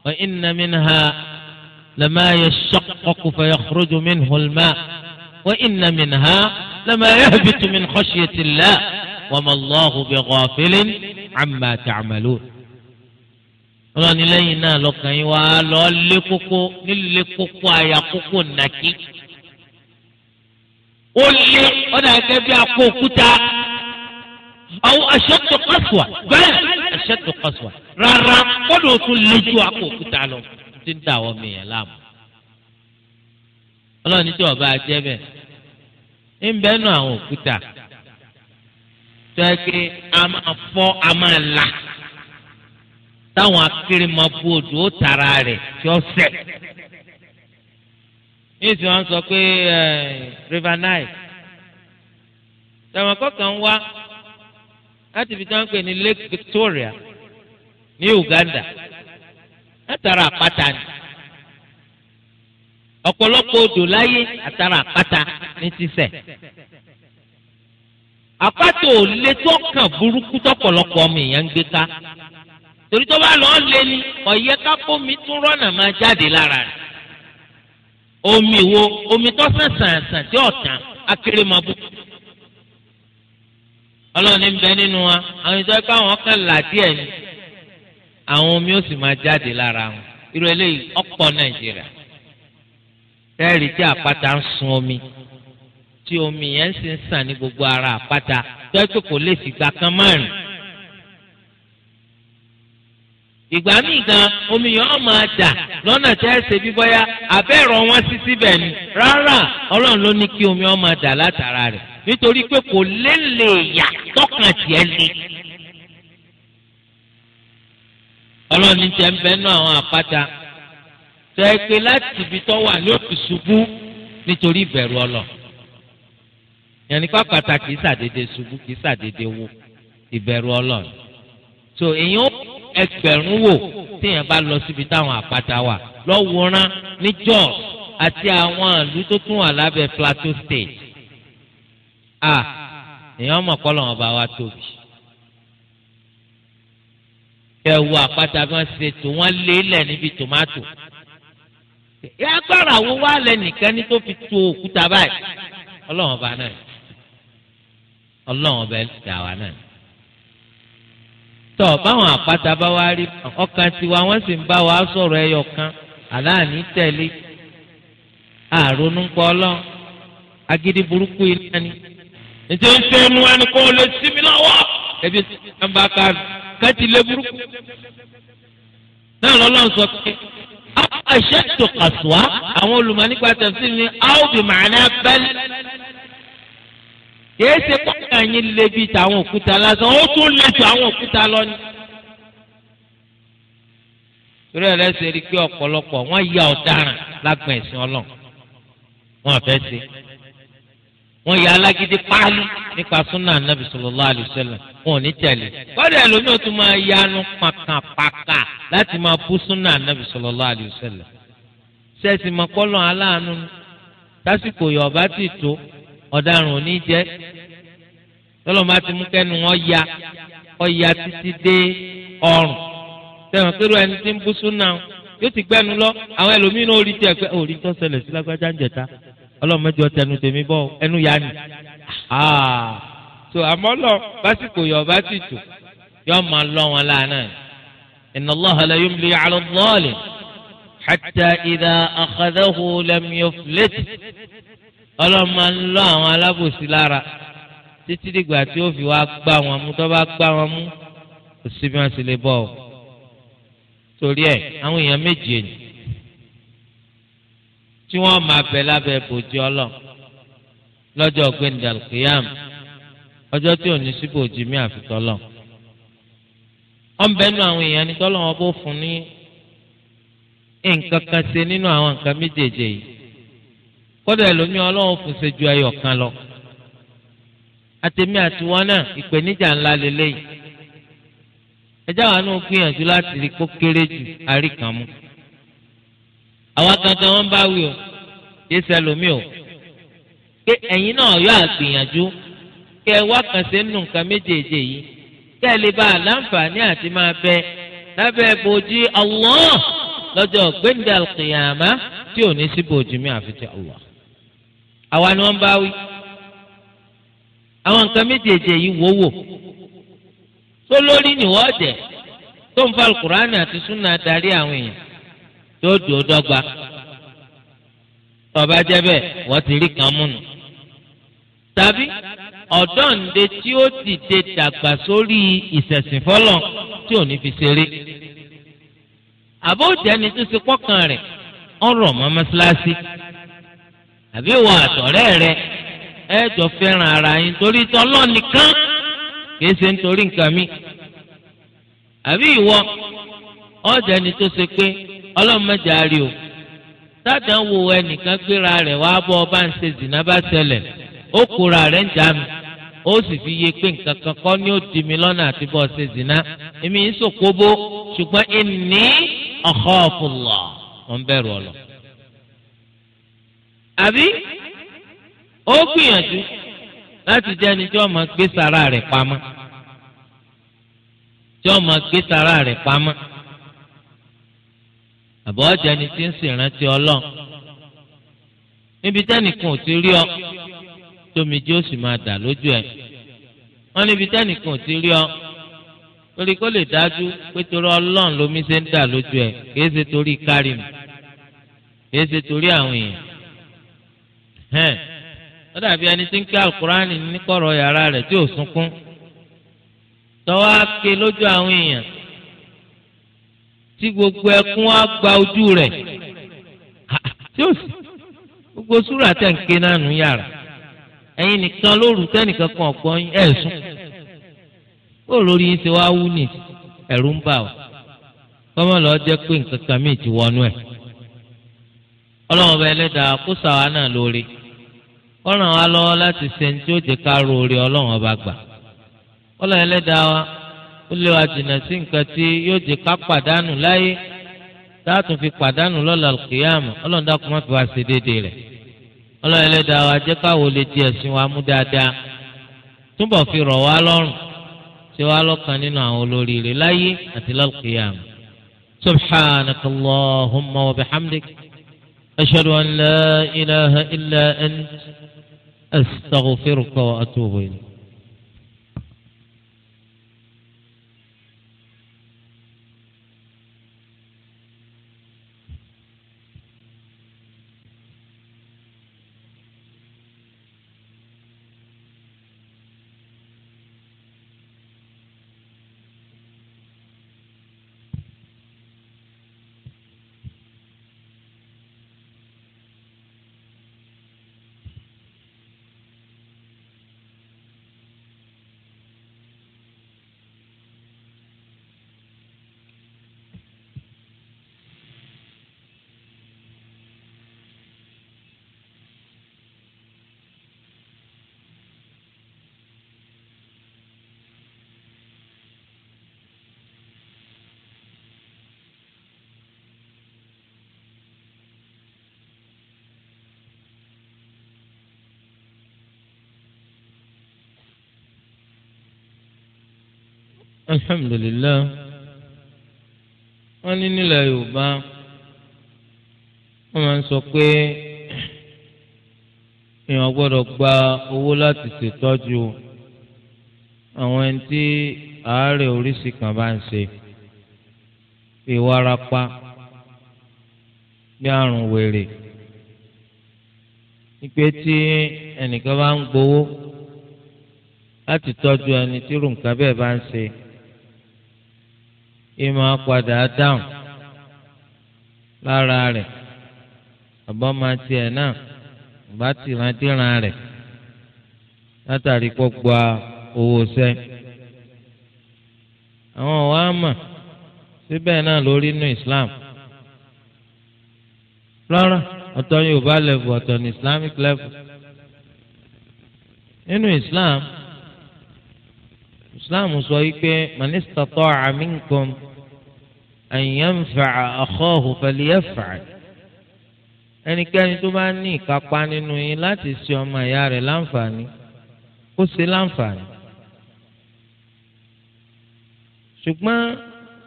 وإن منها لما يشقق فيخرج منه الماء وإن منها لما يهبط من خشية الله وما الله بغافل عما تعملون ران لينا لو كان يوا لو ليكوكو نليكوكو ايا كوكو نكي ولي انا كبي اكوكوتا او اشد قسوه بل اشد قسوه ران ران كودو تليجو tí ń dà wọ́n mìíràn láàmú. ọlọ́run ní tí ọba jẹ́ bẹ́ẹ̀ ń bẹ́ẹ̀ nù àwọn òkúta tó a máa fọ́ a máa la. táwọn odò ó tara rẹ̀ tí ó sẹ̀. yìí tí wọ́n sọ pé river nile tẹ̀wọ̀n kọ̀ọ̀kan wá láti fi ní Lake Victoria ní Uganda. látara àpáta ni ọ̀pọ̀lọpọ̀ odò láyé àtara àpáta ní sísẹ̀ àpáta ò lè tọkàn burúkú tọ̀pọ̀lọpọ̀ ọmọ èèyàn ń gbé ká torí tó bá lọ́ọ́ lé ní ọ̀yẹ́ kápómi tún rọ́nà máa jáde lára rẹ̀ omi wo omi tó sàn sàn sàn tí ọ̀tàn akéré máa bú ọlọ́ọ̀ni ń bẹ nínú wa àwọn ìjọba káwọn kan là díẹ̀ ni àwọn omi ó sì máa jáde lára wọn irú eléyìí ọ̀pọ̀ nàìjíríà tẹ́ẹ̀rì tí àpáta ń sun omi tí omi yẹn sì ń sàn ní gbogbo ara àpáta tẹ́tù kò lè fìgbà kan márùn. ìgbà míì gan omi yẹn ọ̀ máa dà lọ́nà tí ẹ ṣe bíbọ́yá abẹ́rọ̀ wọn sí síbẹ̀ ni rárá ọlọ́run ló ní kí omi ọ̀ máa dà látara rẹ̀ nítorí pé kò lè lè yà tọkàn tiẹ̀ lé. ọlọ́run ní tiẹ̀ ń bẹ nú àwọn àpáta tó ẹ pé láti ibi tó wà ní òkè ṣubú nítorí ìbẹ̀rù ọlọ yẹnni pa pàtàkì kìí ṣàdédé ṣubú kìí ṣàdédé wó ìbẹ̀rù ọlọ so èèyàn ẹgbẹ̀rún wò téèyàn bá lọ síbi táwọn àpáta wà lọ́wọ́rán ní Jos àti àwọn ìlú tó tún wà lábẹ́ Plateau State ah èèyàn mọ̀ kọ́ lọ́wọ́ bá wa tóbi kẹ wo àpáta bí wọn ṣe tò wọn lé lẹ níbi tòmátò agbára wo wá lẹ nìkan ní tó fi tu òkúta báyìí ọlọ́run ọba náà ọlọ́run ọba ẹlẹsìn àwa náà tọ báwọn àpáta bá wá rí ọkàn tiwa wọn sì ń bá wa sọ̀rọ̀ ẹyọ kan aláàní tẹ̀lé àrònú ń pọ ọlọ́run agídí burúkú yìí náà ni nítorí pé ẹnu ẹni kò lè sí mi lọ́wọ́ ẹbí tí bá ká mi kan ti lé burúkú náà lọ́lọ́run sọ pé àṣẹ tó kàṣùwá àwọn olùmọ̀ nípa tẹ̀sí ni áwùbí màánà bẹ́ẹ̀ kìí ṣe pọ́ńkà yín lé bíi tàwọn òkúta lásán ó tún lè ju àwọn òkúta lọ ni. torí ẹ̀ lẹ́sẹ̀ rí pé ọ̀pọ̀lọpọ̀ wọ́n ya ọ̀daràn lágbọ̀n ẹ̀sìn ọlọ́run wọ́n fẹ́ ṣe wọ́n ya alágídí páálí nípa súnà nàbì sallallahu wọn ò ní tẹ̀lé kọ́dà ẹlòmíì ó tún máa yanu pàkàpàkà láti máa bú súnà anábì sallallahu alaihi wasallam sẹ́ẹ̀sì máa kọ́lọ̀ aláàánú tásìkò yọ̀ọ̀bá ti tó ọ̀daràn ò ní jẹ́ tọ́lọ́ ti mú kẹ́nu wọn ya ọ̀ya títí dé ọrùn tẹ̀wọ̀n kérò ẹni tí ń bú súnà yóò ti gbẹ́nu lọ àwọn ẹlòmíì náà ó rí tiẹ̀ pé òrí tó ṣẹlẹ̀ sí lágbájá ń jẹ̀ta ọlọ́mọdé ọtẹnu tó àmọ́ lọ básìkò yọ bá ti tù yọ máa lọ wọn lánà inna Allaha la yumli ala adh-dhalim hatta idha akhadhahu lam yuflit ọlọ́run máa ń lọ àwọn alábòsí lára títí dìgbà tí ó fi wá gbá wọn mú tó bá gbá wọn mú kò bí wọ́n sì lè bọ́ torí ẹ̀ àwọn èèyàn méje ni tí wọ́n máa bẹ lábẹ́ bòjì ọlọ́run lọ́jọ́ gbẹ̀ndàlùkìyàmù ọjọ́ tí ò ní síbò jí mí àfitọ́lọ̀ ọ̀nbẹ́nu àwọn èèyàn ni tọ́lọ̀ wọn bó fún ní nǹkan kan ṣe nínú àwọn nǹkan méjèèjì yìí kódà ẹlòmíì ọlọ́run fún ṣe ju ẹyọ kan lọ àtẹ̀mí àti wọn náà ìpèníjà ńlá lélẹ́yìí ẹjá wa náà gbìyànjú láti rí kó kéré jù àríkàmú àwa gangan wọn bá wí o yé sẹlómi o pé ẹ̀yin náà yọ àgbìyànjú kẹ wá kàn sí nù nǹkan méjèèjì yìí kẹ lè bá a láǹfààní àti máa bẹ lábẹ́ bòjì Allah lọ́jọ́ gbẹ̀ndẹ̀ àlùkìyàmá tí ò ní sí bòjì mi àfi ti Allah. àwa ni wọ́n bá wí àwọn nǹkan méjèèjì yìí wò wò tó lórí nìwọ́ tó ń fa alukur'ani àti sunna darí àwọn èèyàn tó dùn ó dọ́gba tọ́ba jẹ́ bẹ́ẹ̀ wọ́n ti rí kan múnu tàbí ọ̀dọ́ǹde tí ó dìde dàgbà sórí ìṣẹ̀sìn fọ́lọ̀ tí ò ní fi ṣeré. àbójẹ́ni tó ṣe pọ́kàn rẹ̀ ọ̀rọ̀ mọ́ mọ́ṣáláṣí. àbí ìwọ àtọ̀rẹ́ rẹ ẹ jọ fẹ́ràn ara yín torí tọ́lọ́ nìkan kìí ṣe nítorí nǹkan mi. àbí ìwọ ọ̀jẹ̀ni tó ṣe pé ọlọ́mọdé àárí o sádàn wo ẹnìkan gbéra rẹ̀ wá bọ́ ọ bá ń ṣe zìnnà bá ṣẹlẹ̀ ó kóra rẹ̀ ń jà mí ó sì fi yé pé nǹkan kan kọ́ ni ó di mi lọ́nà àti bọ́ ṣe zina èmi ń sòkóbó ṣùgbọ́n inni akhafullah mo bẹ̀rù àbí ó gbìyànjú láti jẹ́ ẹni tí wọ́n gbé sàrà rẹ̀ pamọ́ tí wọ́n gbé sàrà rẹ̀ pamọ́ àbọ̀ ọ̀jẹ̀ ti rí tómi jẹ́ òsì máa dà lójú ẹ̀ wọ́n níbi tẹ́nìkan ti rí ọ torí kó lè dájú pé torí ọlọ́run lomi ṣe ń dà lójú ẹ̀ kìí ṣe torí kárìm kìí ṣe torí àwọn èèyàn ó dàbí ẹni tí ń kí alukurani ní kọ̀rọ̀ yàrá rẹ̀ tí ò sunkún tọ́wọ́ á lójú àwọn èèyàn tí gbogbo ẹkún á gba ojú rẹ̀ tí ó sì gbogbo súrà tẹ̀ ń ké náà yàrá ẹ̀yin nìkan lóru tẹ́nìkan kan ọ̀gbọ́n yín ẹ̀ sùn ó lórí yín ti wá wú nì ẹ̀rù ń bà ọ́ kọ́mọ́ lọ́ọ́ jẹ́ pé nǹkan kan míì ti wọnú ẹ̀ ọlọ́run ọba ẹlẹ́dàá kó sàwa náà lóore ó ràn lọ́wọ́ láti sẹ́ni tí ó jẹ́ ká roore ọlọ́run ọba gbà ọlọ́run ẹlẹ́dàá wa ó lé wa jìnnà sí nǹkan tí yóò jẹ́ ká pàdánù láyé táà fi pàdánù lọ́la kìyàmù ọlọ́run dákun má fi wá ṣe déédéé rẹ̀. ọlọ́run ẹlẹ́dàá wa jẹ́ káwọ́ lè tiẹ̀ sí wa mú dáadáa túbọ̀ fi rọ̀ wá lọ́rùn ṣe wá lọ́kàn nínú àwọn olórí rẹ̀ láyé àti lálùkìyàm subhanaka allahumma wa bihamdik ashhadu an la ilaha illa ant astaghfiruka wa atubu alhamdulilayi wọ́n ní nílẹ̀ yorùbá wọ́n máa ń sọ pé èèyàn gbọ́dọ̀ gba owó láti ṣètọ́jú àwọn ẹni tí àárẹ̀ oríṣi kan bá ń ṣe bí wárápá bí àrùn wèrè ìpè tí ẹnìkan bá ń gbowó láti tọ́jú ẹni tí ròǹkà bẹ́ẹ̀ bá ń ṣe ìmọ̀ padà dáhùn lára rẹ̀ àbọ̀ máa tiẹ̀ náà bá ti rántí ran rẹ̀ látàrí kó gba owó sẹ́. àwọn ọ̀wá mà síbẹ̀ náà lórí inú Islam rárá ọ̀tọ̀ Yorùbá level ọ̀tọ̀ ní Islamic level nínú Islam. Islam islam sọ wípé man istata'a minkum an yanfa'a akhahu falyaf'al ẹnikẹ́ni tó bá ní ìkápá nínú yín láti ṣe ọmọ ìyá rẹ̀ láǹfààní ó ṣe láǹfààní. ṣùgbọ́n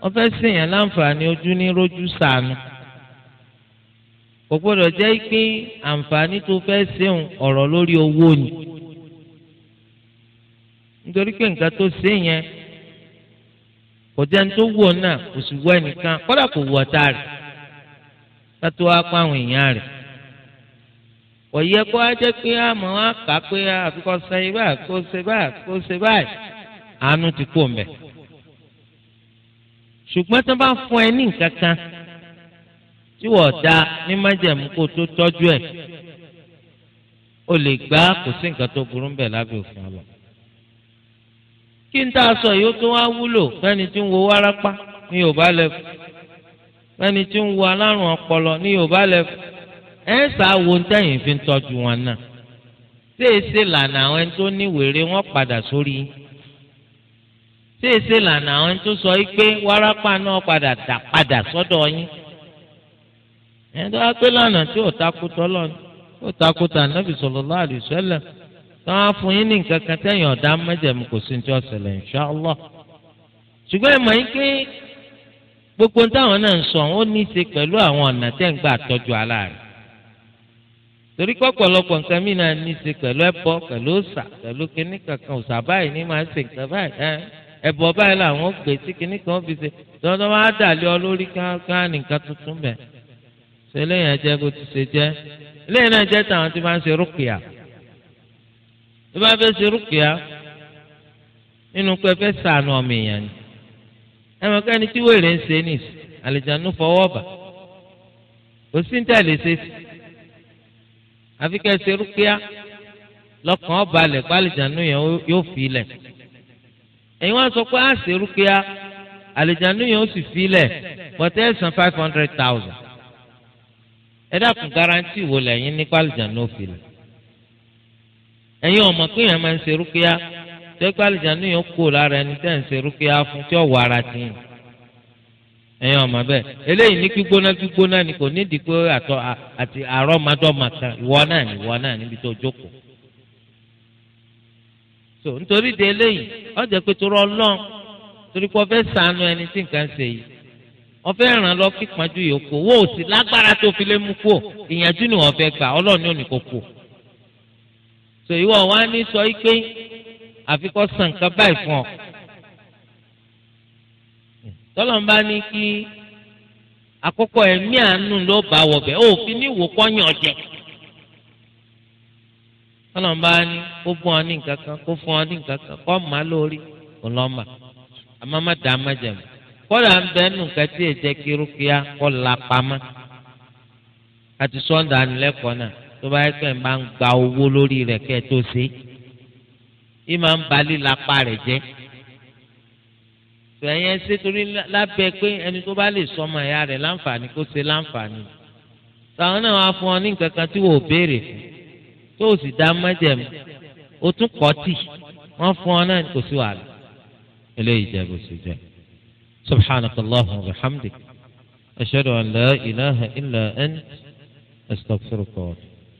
ó fẹ́ ṣèyàn láǹfààní ojú ní rójú sànù kò gbọ́dọ̀ jẹ́ pé àǹfààní tó fẹ́ ṣeun ọ̀rọ̀ lórí owó ni nítorí pé nǹkan tó ṣe yẹn kò jẹun tó wù ọ náà kò sì wù ẹnìkan kódà kò wù ọ̀tá rẹ̀ kátó wá pa àwọn èèyàn rẹ̀ kò yẹ kó wá jẹ́ pé àmọ́ wá kà á pé àfikọ́ sẹ́yìn báyìí kó ṣe báyìí kó ṣe báyìí àánú ti kú mẹ́ ṣùgbọ́n tó bá fún ẹ ní nǹkan kan tí wọ́n da ní májẹ̀mú kó tó tọ́jú ẹ̀ o lè gbà kò sí nǹkan tó burú ń bẹ̀ lábẹ́ òfin ọlọ́run kí n tá a sọ yìí ó tó wá wúlò fẹ́ni tí ń wo wárápá ní yorùbá lẹ́fù fẹ́ni tí ń wo alárùn ọpọlọ ní yorùbá lẹ́fù ẹ̀ ń sá wo tẹ̀yìn fi ń tọ́jú wọn náà ṣéèṣe lànà àwọn ẹni tó ní wèrè wọn padà sórí ṣéèṣe lànà àwọn ẹni tó sọ yìí pé wárápá náà padà dà padà sọ́dọ̀ yín ẹni tó wá pé lánàá tí ò takùtọ̀ lọ́nà ó takùtà nàbì sallallahu alaihi wasallam wọn á fún yín ní nǹkan kan tẹ̀yìn ọ̀dá mẹ́jẹ̀mú kò sí ní ọ̀sẹ̀lẹ̀ inṣàlá ṣùgbọ́n ìmọ̀ yín pé gbogbo táwọn náà ń sọ ó ní í ṣe pẹ̀lú àwọn ọ̀nà tẹ̀ ń gbà tọ́jú aláàrẹ̀ torí pọ̀pọ̀lọpọ̀ nǹkan mí náà ní í ṣe pẹ̀lú ẹbọ pẹ̀lú òòṣà pẹ̀lú kinní kankan òòṣà báyìí ní máa ń ṣe nǹkan báyìí ẹbọ báyìí bí wọ́n fẹ́ ṣe rúkìá nínú pé fẹ́ sànù ọmọ èèyàn ni ẹ mọ̀ kẹ́ni tí wèrè ń ṣe nìsí àlejànú fọwọ́ bà kò sí ní tẹ̀lé ṣe sí àfi kẹ́ ṣe rúkìá lọ́kàn ọba alẹ̀ pálíjànú yẹn yóò fi ilẹ̀ ẹ̀yin wọ́n sọ pé á ṣe rúkìá àlejànú yẹn ó sì fi ilẹ̀ bọ́tẹ́ ẹ̀sán five hundred thousand ẹ dákun garanti wo lẹ́yìn ní pálíjànú ó fi ilẹ̀ ẹ̀yin ọmọ pé èèyàn máa ń ṣe rúkìá tẹ́gbà àlìjánu yẹn kó lára ẹni tẹ́ ń ṣe rúkìá fún tí ọ̀wọ́ ara ti ọmọ bẹ́ẹ̀ eléyìí ní gbígbóná gbígbóná ni kò nídìí pé àtọ̀ àti àrọ́mọdọ́mọ kan ìwọ náà ni ìwọ náà níbi tó jókòó so nítorí de eléyìí ọjà pé tó rọ torí pé ọfẹ́ sànù ẹni tí nǹkan ṣe yìí ràn lọ yòókù wọ́n ò lágbára tó fi lé mú ìyànjú ni wọ́n fẹ́ gbà so ìwọ wa ní sọ pé àfikọ́ san nǹkan báyìí fún ọ tọ́lọ́mbá ní kí àkọ́kọ́ ẹ̀mí àánú ló bá wọ̀bẹ̀ òfin ní ìwò kọ́yàn jẹ tọ́lọ́mbá ní kó ọ ní nǹkan kan kó fún ọ ní nǹkan kan kó má lórí lọ́ mà àmọ́ má dàá má ń nù tí kí rúkìá kọ́ la pamọ́ àti sọ́ńdà tó bá yẹ pé ń bá ń gba owó lórí rẹ̀ kẹ́ tó ṣe yìí máa ń ba líla apá rẹ̀ jẹ́ tó ẹ̀yẹ ṣe torí lábẹ́ pé ẹni tó bá lè sọmọ ẹ̀yà rẹ̀ láǹfààní kó ṣe láǹfààní táwọn náà wá fún ọ ní nǹkan kan tí wò ó béèrè fún tó sì dá mọ́jẹ̀mú o tún kọ́ tì wọ́n fún ọ náà kò sí wàhálà eléyìí jẹ́ bó ṣe jẹ́ subhanaka allahumma wa bihamdik ashhadu an la ilaha illa ant astaghfiruka wa